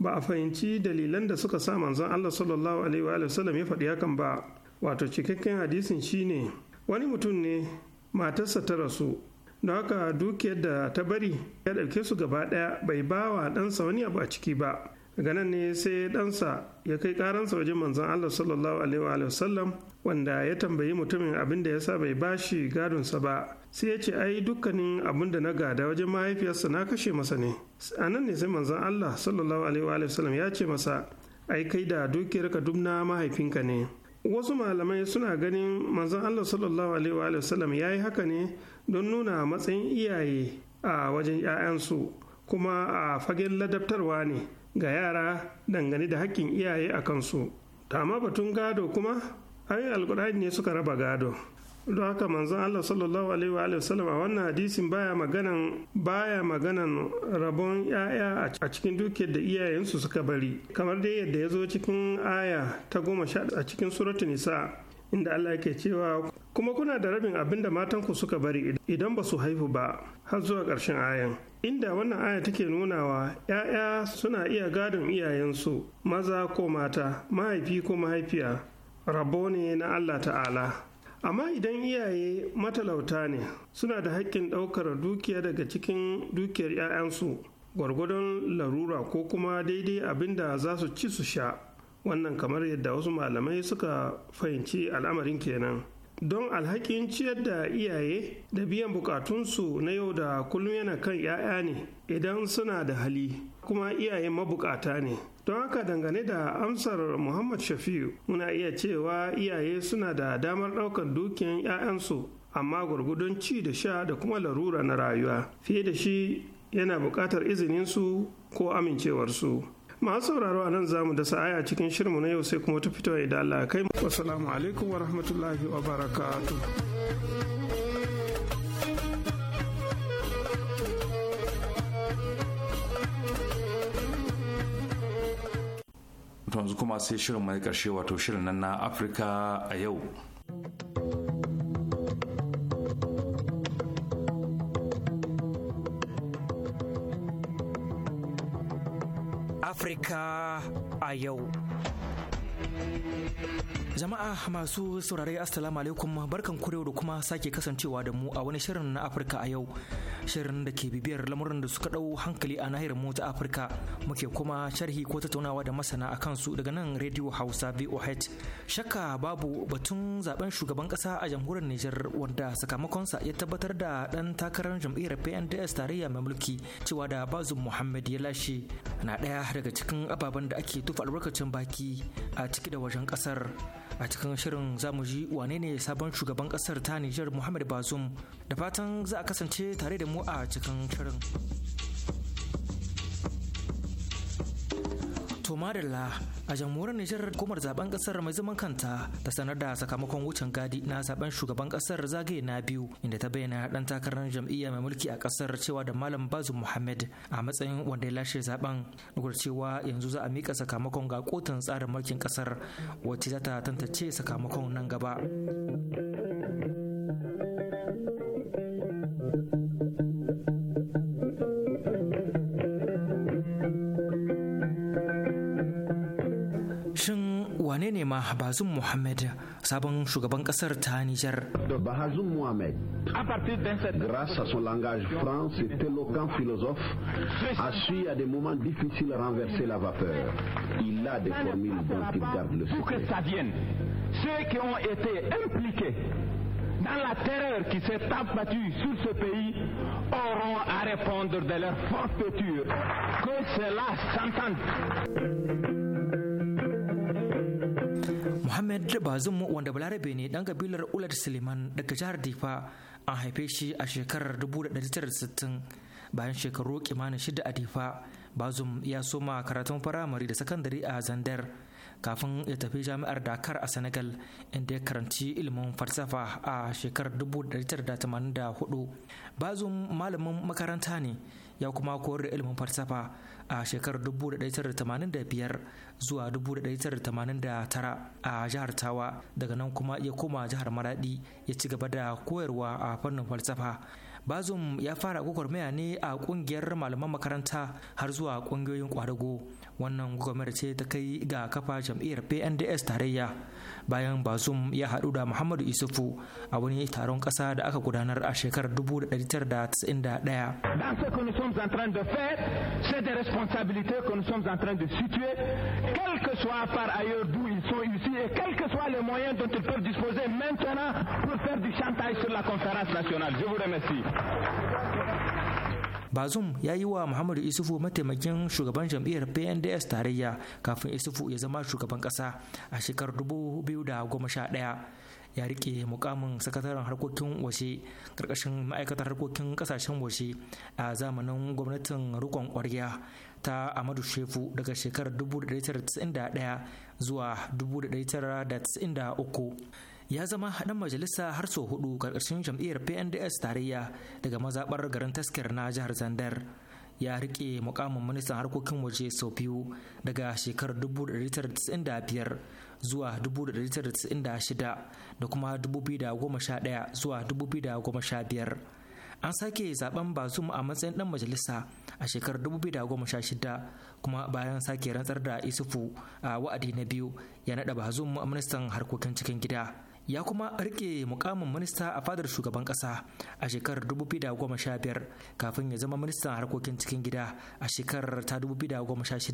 S7: ba a fahimci dalilan da suka sa manzon Allah sallallahu alaihi wa sallam ya faɗi hakan ba wato cikakken hadisin shine wani mutum ne matarsa ta rasu da haka dukiyar da ta bari ya ɗauke su gaba ɗaya bai ba wa ɗansa wani abu a ciki ba daga nan ne sai ɗansa ya kai ƙaransa wajen manzon Allah sallallahu alaihi wa wanda ya tambayi mutumin abin da sa bai ba shi gadonsa ba sai ya ce ai dukkanin abin da na gada wajen mahaifiyarsa na kashe masa ne a nan ne sai manzon Allah sallallahu alaihi wa ya ce masa ai kai da dukiyarka duk na mahaifinka ne wasu malamai suna ganin manzon Allah sallallahu alaihi wa ya yi haka ne don nuna matsayin iyaye a wajen 'ya'yansu kuma a fagen ladabtarwa ne ga yara dangane da hakkin iyaye a kansu amma batun gado kuma yi alkur'ani ne suka raba gado don haka manzon Allah sallallahu alaihi wa a wannan hadisin baya maganan baya maganan rabon yaya a cikin dukiyar da iyayensu suka bari kamar dai yadda ya zo cikin aya ta goma sha a cikin suratun nisa inda Allah ke cewa kuma kuna da rabin abin da matanku suka bari idan ba su haihu ba har zuwa ƙarshen ayan inda wannan aya take nunawa 'ya'ya suna iya gadon iyayensu maza ko mata mahaifi ko mahaifiya rabo ne na allah ta'ala amma idan iyaye matalauta ne suna da haƙƙin ɗaukar dukiya daga cikin dukiyar 'ya'yansu gwargwadon larura ko kuma daidai abin da za su ci su sha wannan kamar yadda wasu malamai suka fahimci al'amarin kenan. don alhakin ciyar da iyaye da biyan bukatunsu na yau da kullum yana kan 'ya'ya ne idan suna da hali kuma iyaye mabukata ne don haka dangane da amsar muhammad shafi'u muna iya cewa iyaye suna da damar ɗaukar dukiyan 'ya'yansu amma gwargudon ci da sha da kuma larura na rayuwa fiye da shi yana buƙatar izininsu ko amincewarsu masu sauraro a nan za mu dasa aya cikin shirinmu na yau sai kuma ta fito idan Allah kai assalamu alaikum wa rahmatullahi wa barakatuh
S2: kuma sai shirin mai karshe wato shirin nan na afirka a yau
S3: Afirka a yau. Jama'a masu saurare Assalamu alaikum barkan kurewa da kuma sake kasancewa da mu a wani shirin na Afirka a yau. Shirin da ke bibiyar lamurin da suka ɗau hankali a nahiyar mu ta Afirka muke kuma sharhi ko tattaunawa da masana a kansu daga nan Radio Hausa VOH. Shakka babu batun zaben shugaban ƙasa a jamhuriyar Nijar wanda sakamakonsa ya tabbatar da dan takarar jam'iyyar PNDS tarayya mai mulki cewa da bazu Muhammad ya lashe na ɗaya daga cikin ababen da ake tufa albarkacin baki a ciki da wajen kasar. a cikin shirin zamu ji wane ne sabon shugaban kasar ta Nijar Muhammad Bazoum da fatan za a kasance tare da mu a cikin shirin. To madalla a jamhuriyar Nijar hukumar zaben kasar mai zaman kanta ta sanar da sakamakon wucin gadi na zaben shugaban kasar zagaye na biyu inda ta bayyana dan takarar jam'iyya mai mulki a kasar cewa da Malam bazu Muhammad a matsayin wanda ya lashe zaben dukur cewa yanzu za a mika sakamakon ga kotun tsarin mulkin kasar wacce za ta tantance sakamakon nan gaba. wane ne ma bazum muhammad sabon shugaban grâce à
S8: son langage franc cet éloquent philosophe a su à des moments difficiles renverser la vapeur il a des formules dont il garde le secret pour que ça vienne ceux qui ont été impliqués dans la terreur qui s'est abattue sur ce pays auront à répondre de leur forfaiture. Que cela s'entende.
S3: Muhammad Bazum wanda Balarabe ne dan kabilar Ulad Suleiman daga jihar Difa an haife shi a shekarar 1960 bayan shekaru kimanin shida a Difa. Bazum ya soma karatun firamare da sakandare a Zandar kafin ya tafi jami'ar Dakar a Senegal inda ya karanci ilimin falsafa a shekarar 1984. Bazum malamin makaranta ne ya kuma koyar da ilimin falsafa a shekarar 1985 zuwa 1989 a jihar tawa daga nan kuma ya koma jihar maradi ya ci gaba da koyarwa a fannin falsafa bazum ya fara gwagwarmaya ne a kungiyar malaman makaranta har zuwa kungiyoyin kwadago wannan gwamnati ce ta kai ga kafa jam'iyyar pnds tarayya bayan bazum ya haɗu da muhammadu isufu a wani taron ƙasa da aka gudanar a shekarar 1991 Dans
S8: ce que nous sommes en train de faire, c'est des responsabilités que nous sommes en train de situer, quel que soit par ailleurs d'où ils sont ici et quels que soient les moyens dont ils peuvent disposer maintenant pour faire du chantage sur la conférence nationale. Je vous remercie.
S3: bazum ya yi wa muhammadu isufu mataimakin shugaban jam'iyyar pnds tarayya kafin isufu ya zama shugaban kasa a shekarar 2011 ya rike mukamin sakataren harkokin waje karkashin ma'aikatar harkokin kasashen waje a zamanin gwamnatin rikon kwarya ta amadu shefu daga shekarar 1991 zuwa 1993 ya zama haɗin majalisa har sau hudu ƙarƙashin jam'iyyar pnds tarayya daga mazaɓar garin taskir na jihar zandar ya rike mukamin ministan harkokin waje sau biyu daga shekarar 1995 zuwa 1996 da kuma 2011 zuwa 2015 an sake zaben bazum a matsayin dan majalisa a shekarar 2016 kuma bayan sake rantsar da isufu a wa'adi na biyu ya nada bazum ministan harkokin cikin gida ya kuma rike mukamin minista a fadar shugaban kasa a shekarar 2015 kafin ya zama ministan harkokin cikin gida a shekarar ta 2016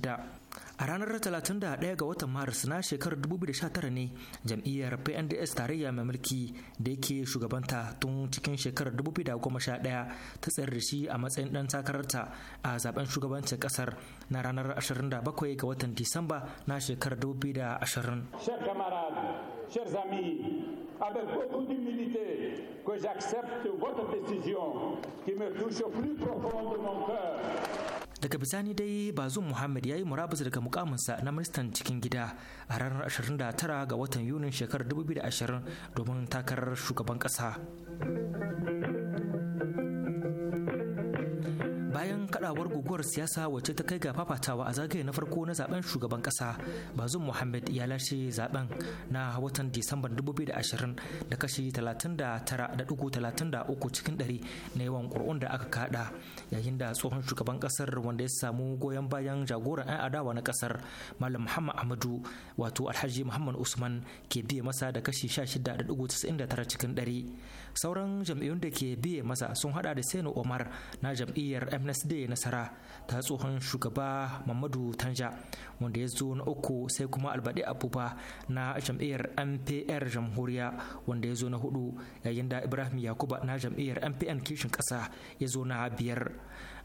S3: a ranar 31 ga watan maris na shekarar 2019 ne jam'iyyar pnds tarayya mai mulki da yake shugabanta tun cikin shekarar 2011 ta tsayar da shi a matsayin dan takararta a zaben shugabancin kasar na ranar 27 ga watan disamba na shekarar
S10: 2020 chers amis, avec beaucoup d'humilité, que j'accepte votre décision
S6: qui me touche au plus profond de mon cœur.
S3: daga bisani dai bazum muhammad ya yi murabus daga mukaminsa na ministan cikin gida a ranar 29 ga watan yunin shekarar 2020 domin takarar shugaban kasa. bayan kadawar guguwar siyasa wacce ta kai ga fafatawa a zagaye na farko na zaben shugaban kasa bazum muhammad ya lashe zaben na watan disamba 2020 da kashi 39.33 cikin 100 na yawan kur'un da aka kada yayin da tsohon shugaban kasar wanda ya samu goyon bayan jagoran 'yan adawa na kasar malam muhammad ahmadu wato alhaji muhammad usman ke biye masa da kashi 16.99 cikin sauran jam'iyyun da ke biye masa sun hada da seno omar na jam'iyyar msd nasara ta tsohon shugaba mamadu tanja wanda ya zo na uku sai kuma albade abuba na jam'iyyar mpr jamhuriya wanda ya zo na hudu yayin da ibrahim yakuba na jam'iyyar mpn kishin kasa ya zo na biyar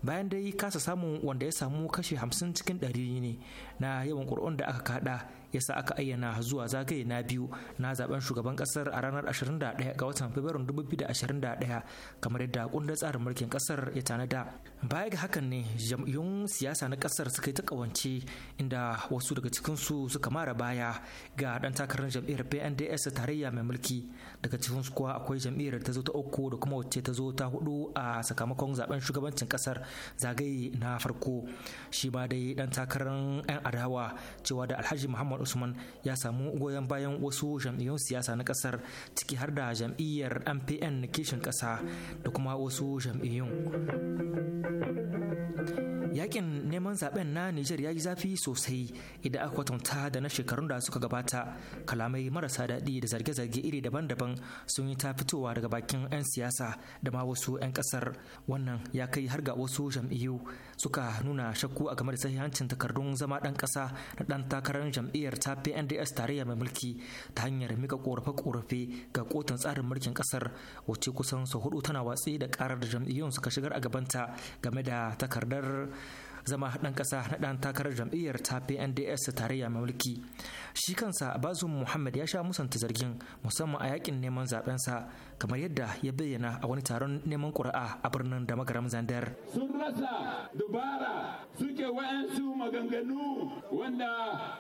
S3: bayan dai kasa samun wanda ya samu kashi hamsin cikin ɗari ne na yawan ƙuri'un da aka kada yasa aka ayyana zuwa zagaye na biyu na zaben shugaban kasar a ranar 21 ga watan fabrairun 2021 kamar yadda kundin tsarin mulkin kasar ya tanada baya ga hakan ne jam'iyyun siyasa na kasar suka yi ta kawance inda wasu daga cikinsu suka mara baya ga dan takarar jam'iyyar PNDS tarayya mai mulki daga cikinsu kuwa akwai jam'iyyar ta zo ta uku da kuma wacce ta zo ta hudu a sakamakon zaben shugabancin kasar zagaye na farko shi ma dai dan takarar 'yan adawa cewa da Alhaji Muhammad usman ya samu goyon bayan wasu jam'iyyun siyasa na kasar ciki har da jam'iyyar mpn kishin kasa da kuma wasu jam'iyyun yakin neman zaben na Nijar ya yi zafi sosai idan aka kwatanta da na shekarun da suka gabata kalamai marasa daɗi da zarge-zarge iri daban-daban sun yi ta fitowa daga bakin 'yan siyasa da ma wasu 'yan kasar wannan ya kai har ga wasu jam'iyyu suka nuna shakku a game da sahihancin takardun zama ɗan ƙasa na ɗan takarar jam'iyyar jam'iyyar ta PNDS tarayya mai mulki ta hanyar mika korafe-korafe ga kotun tsarin mulkin ƙasar wacce kusan sau hudu tana watsi da karar da jam'iyyun suka shigar a gabanta game da takardar zama ɗan ƙasa na ɗan takarar jam'iyyar ta PNDS tarayya mai mulki shi kansa bazum muhammad ya sha musanta zargin musamman a yakin neman zabensa kamar yadda ya bayyana a wani taron neman ƙuri'a a birnin da magaram zandar
S10: sun rasa dubara suke wayansu maganganu wanda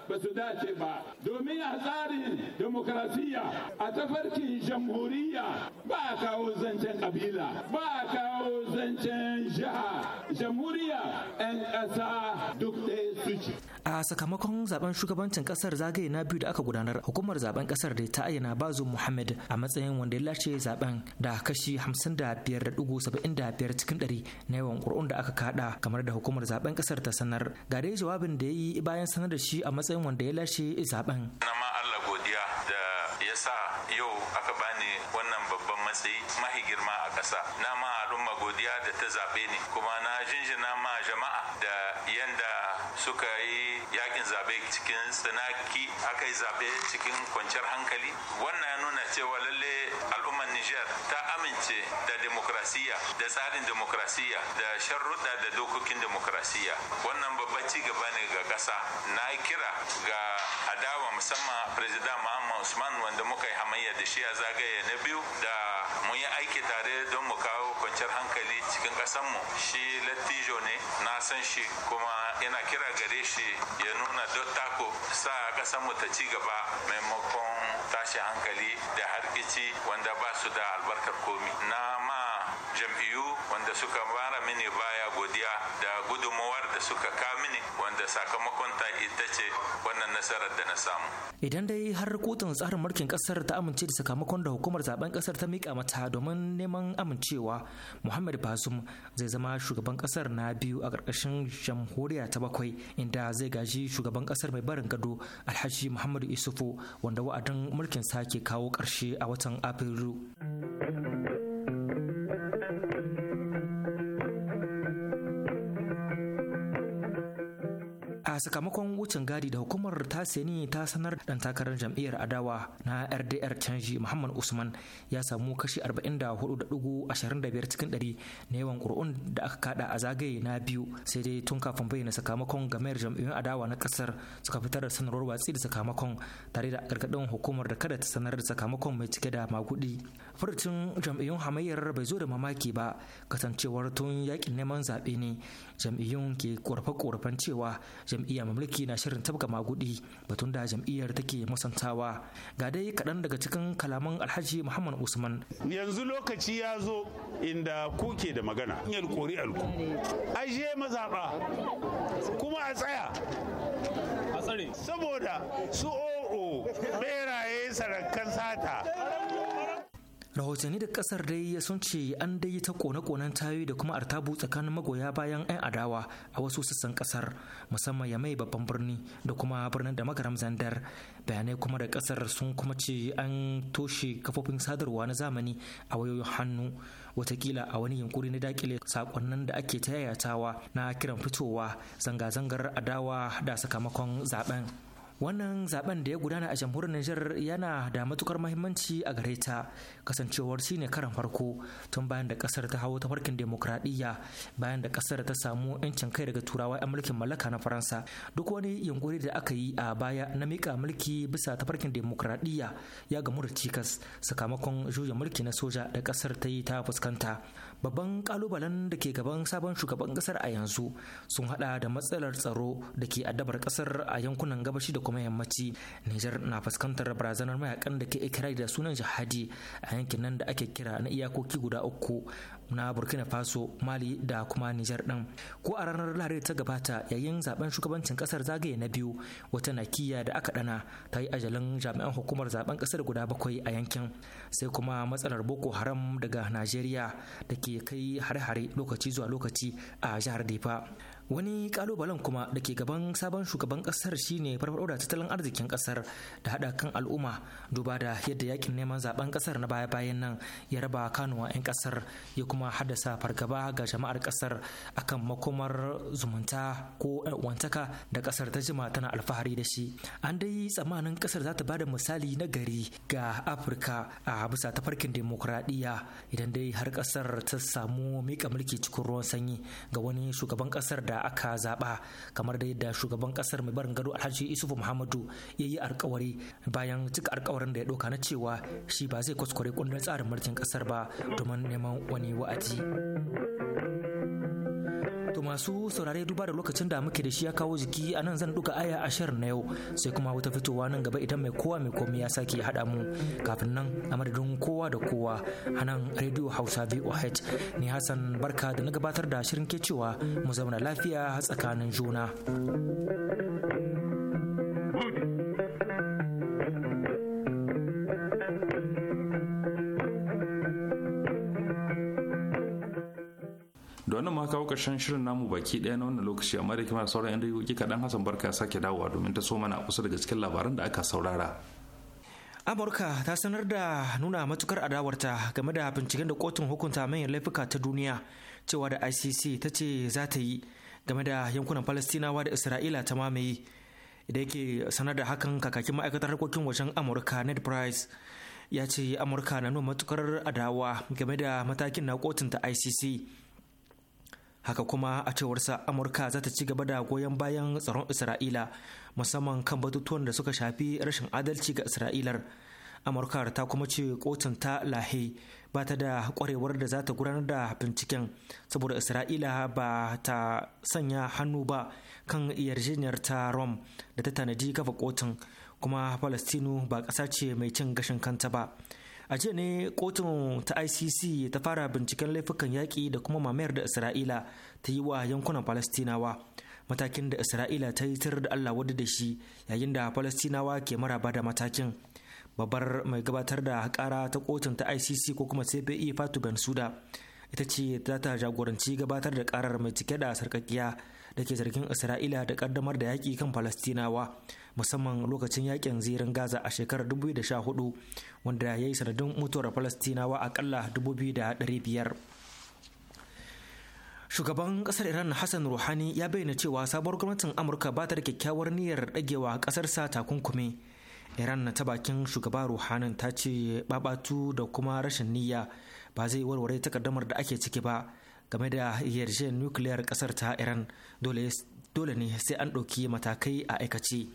S10: ba su dace ba domin a tsarin demokrasiya a tafarkin jamhuriya ba a kawo zancen kabila ba a kawo zancen jiha jamhuriya 'yan ƙasa duk ɗaya su
S3: a sakamakon zaben shugabancin ƙasar zagaye zagaye na biyu da aka gudanar hukumar zaben kasar da ta ayyana bazu muhammad a matsayin wanda ya lashe zaben da kashi 55.75 cikin 100 na yawan ƙuri'un da aka kada kamar da hukumar zaben kasar ta sanar ga dai jawabin da ya yi bayan sanar da shi a matsayin wanda ya lashe zaben
S10: na ma Allah godiya da ya sa matsayi mahi girma a ƙasa na ma al'umma godiya da ta zaɓe ni kuma na jinjina ma jama'a da yanda suka yi yakin zaɓe cikin tsanaki aka yi zaɓe cikin kwanciyar hankali wannan ya nuna cewa lalle al'ummar niger ta amince da demokrasiya da tsarin demokrasiya da sharruɗa da dokokin demokrasiya wannan babban ci gaba ne ga ƙasa na kira ga adawa musamman president muhammad usman wanda muka yi hamayya da shi a zagaye na biyu da aiki tare don mu kawo kwanciyar hankali cikin ƙasanmu shi lattijo ne na san shi kuma yana kira gare shi ya nuna dottako sa ƙasanmu ta ci gaba maimakon tashi hankali da harkici wanda ba su da albarkar komi na jam'iyyu wanda suka mara mini baya godiya da gudunmawar da suka ka mini wanda sakamakon ta ita ce wannan nasarar da na samu
S3: idan dai har kotun tsarin mulkin kasar ta amince da sakamakon da hukumar zaben kasar ta mika mata domin neman amincewa muhammad Basum zai zama shugaban kasar na biyu a ƙarƙashin jamhuriya ta bakwai inda zai gaji shugaban kasar mai barin gado alhaji muhammad isufu wanda wa'adin mulkin sake kawo ƙarshe a watan afrilu a sakamakon wucin gadi da hukumar ta taseni ta sanar dan takarar jam'iyyar adawa na rdr canji muhammad usman ya samu kashi 44.25 cikin 100 na yawan ƙuri'un da aka kada a zagaye na biyu sai dai tun kafin bayyana sakamakon gamayar jam'iyyun adawa na kasar suka fitar da sanarwar watsi da sakamakon tare da gargaɗin hukumar da kada ta sanar da sakamakon mai cike da magudi furucin jam'iyyun hamayyar bai zo da mamaki ba kasancewar tun yakin neman zaɓe ne jam'iyyun ke korafe-korafen cewa jam'iyyar mamlaki na shirin tabga magudi batun da jam'iyyar take masantawa ga dai kaɗan daga cikin kalaman alhaji muhammad usman
S6: yanzu lokaci ya zo inda kuke da magana yan alku aje mazaɓa kuma a tsaya saboda su o'o beraye sarakan sata
S3: rahotanni da kasar dai ya sun ce an dai ta kone-konen tayoyi da kuma artabu tsakanin magoya bayan 'yan adawa a wasu sassan kasar musamman ya mai babban birni da kuma birnin da magaram zandar bayanai kuma da kasar sun kuma ce an toshe kafofin sadarwa na zamani a wayoyin hannu watakila a wani yunkuri na dakile sakonnin da ake ta yayatawa na kiran fitowa zanga-zangar adawa da sakamakon zaben wannan zaben da ya gudana a jamhuriyar Nijar yana da matukar mahimmanci a gare ta kasancewar shi ne karan farko tun bayan da kasar ta hawo farkin demokradiyya bayan da kasar ta samu yancin kai daga turawa 'yan mulkin mallaka na faransa duk wani yunkuri da aka yi a baya na mika mulki bisa ta farkin demokradiyya ya gamu da cikas sakamakon juya mulki na soja da kasar ta yi ta fuskanta babban kalubalen da ke gaban sabon shugaban kasar a yanzu sun hada da matsalar tsaro da ke addabar kasar a yankunan gabashi da kuma yammaci nijar na fuskantar barazanar mayakan da ke ikirari da sunan jihadi a yankin nan da ake kira na iyakoki guda uku na burkina faso mali da kuma nijar ɗin ko a ranar lahadi ta gabata yayin zaben shugabancin kasar zagaye na biyu wata nakiya da aka dana ta yi ajalin jami'an hukumar zaben kasar guda bakwai a yankin sai kuma matsalar boko haram daga najeriya da ke kai hare-hare lokaci zuwa lokaci a jihar difa wani kalubalen kuma da ke gaban sabon shugaban kasar shine farfado da tattalin arzikin kasar da hada kan al'umma duba da yadda yakin neman zaben kasar na baya-bayan nan ya raba kanuwa 'yan kasar ya kuma haddasa fargaba ga jama'ar kasar akan makomar zumunta ko wantaka da kasar ta jima tana alfahari da shi an dai tsammanin kasar za ta bada misali na gari ga afirka a bisa farkin demokuraɗiyya idan dai har kasar ta samu mika mulki cikin ruwan sanyi ga wani shugaban kasar da aka zaba kamar da yadda shugaban kasar mai barin gado alhaji isufu muhammadu ya yi alkawari bayan cika alkawarin da ya ɗauka na cewa shi ba zai kuskure kundin tsarin mulkin kasar ba domin neman wani wa'adi. To masu saurare duba da lokacin da muke da shi ya kawo jiki a nan zan duka aya ashar na yau sai kuma wata fitowa nan gaba idan mai kowa mai komai ya sake haɗa mu kafin nan a madadin kowa da kowa a nan rediyo Hausa VOH ni Hassan barka da na gabatar da shirin ke cewa mu zauna lafiya tsakanin juna.
S2: kawo karshen shirin namu baki ɗaya na wannan lokaci amma da kima sauran yan dakiƙoƙi kaɗan Hassan Barka sake dawowa domin ta so mana kusa daga cikin labaran da aka saurara.
S3: Amurka ta sanar da nuna matukar adawarta game da binciken da kotun hukunta manyan laifuka ta duniya cewa da ICC ta ce za ta yi game da yankunan Falastinawa da Isra'ila ta mamaye. Da yake sanar da hakan kakakin ma'aikatar harkokin wajen Amurka Ned Price ya ce Amurka na nuna matukar adawa game da matakin na kotun ta ICC. haka kuma a cewarsa amurka za ta ci gaba da goyon bayan tsaron isra'ila musamman kan batutuwan da suka shafi rashin adalci ga isra'ilar amurka ta kuma ce kotun ta lahe ba ta da kwarewar da za ta gudanar da binciken saboda isra'ila ba ta sanya hannu ba kan yarjejeniyar ta rom da ta tanadi kafa kotun kuma palestino ba ƙasa ce mai cin gashin kanta ba a jiya ne kotun ta icc ta fara binciken laifukan yaƙi da kuma mamayar da isra'ila ta yi wa yankunan falastinawa matakin da isra'ila ta yi tarar da allah wadda da shi yayin da falastinawa ke maraba da matakin babbar mai gabatar da kara ta kotun ta icc ko kuma cpe fatu bensuda ita ce za ta jagoranci gabatar da karar mai cike da sarkakiya da ke zargin isra'ila da kaddamar da yaƙi kan falastinawa musamman lokacin yakin zirin gaza a shekarar 2014 wanda ya yi sanadin mutuwar falastinawa akalla 2,500 shugaban kasar iran hassan ruhani ya bayyana cewa sabuwar gwamnatin amurka ba ta da kyakkyawar niyyar dagewa ƙasarsa takunkumi iran na ta bakin shugaba ruhanin ta ce babatu da kuma rashin niyya ba zai warware takardamar da ake ciki ba game da yarjejeniyar nukiliyar kasar ta iran dole ne sai an ɗauki matakai a aikace.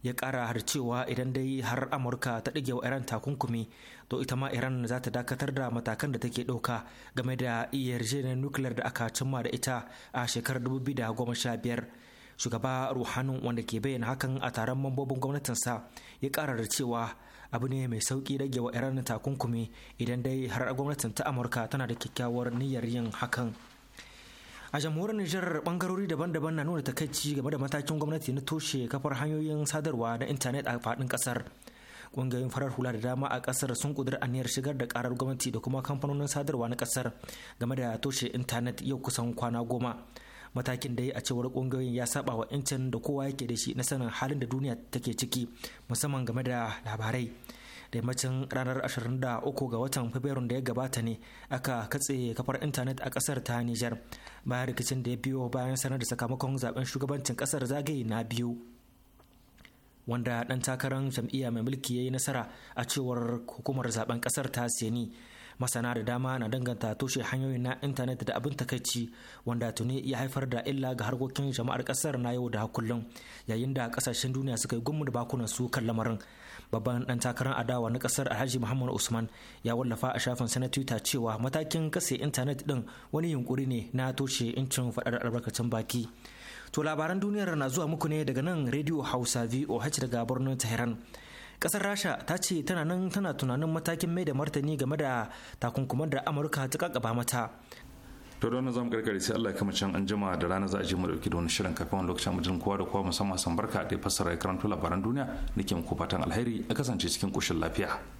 S3: ya kara har cewa idan dai har amurka ta ɗige wa iran takunkumi to ita ma iran za ta dakatar da matakan da take ɗauka game da yarjejeniyar nukiliyar da aka cimma da ita a shekarar 2015 shugaba ruhanin wanda ke bayyana hakan a taron mambobin gwamnatinsa ya kara da cewa abu ne mai sauki rage iran takunkumi idan dai har gwamnatin ta amurka tana da kyakkyawar niyyar yin hakan a jamhuriyar Nijar bangarori daban-daban na nuna takaici game da matakin gwamnati na toshe kafar hanyoyin sadarwa na intanet a faɗin kasar Ƙungiyoyin farar hula da dama a kasar sun ƙudiri aniyar shigar da ƙarar gwamnati da kuma kamfanonin sadarwa na kasar game da toshe intanet yau kusan kwana goma. Matakin dai a cewar ƙungiyoyin ya saba wa da kowa yake da shi na sanin halin da duniya take ciki musamman game da labarai. da yammacin ranar 23 ga watan fabrairun da ya gabata ne aka katse kafar intanet a kasar ta Nijar bayan rikicin da ya biyo bayan sanar da sakamakon zaben shugabancin kasar zagaye na biyu wanda dan takarar jam'iyya mai mulki ya yi nasara a cewar hukumar zaben kasar ta Seni masana da dama na danganta toshe hanyoyin na intanet da abin takaici wanda tuni ya haifar da illa ga harkokin jama'ar kasar na yau da kullum yayin da kasashen duniya suka yi gummu da bakunan su kan lamarin babban dan takarar adawa na kasar alhaji muhammad usman ya wallafa a shafin sa na twitter cewa matakin kase intanet din wani yunkuri ne na toshe incin faɗar albarkacin baki to labaran duniyar na zuwa muku ne daga nan radio hausa voh daga birnin tehran kasar rasha ta ce tana nan tana tunanin matakin mai da martani game da takunkuman da amurka ta kakaba mata to don
S2: zamu karkare sai Allah kama can an jima da rana za a je mu dauki da wani shirin kafin lokacin mu kowa da kowa musamman san barka da fassara karanto labaran duniya nake muku fatan alheri a kasance cikin koshin lafiya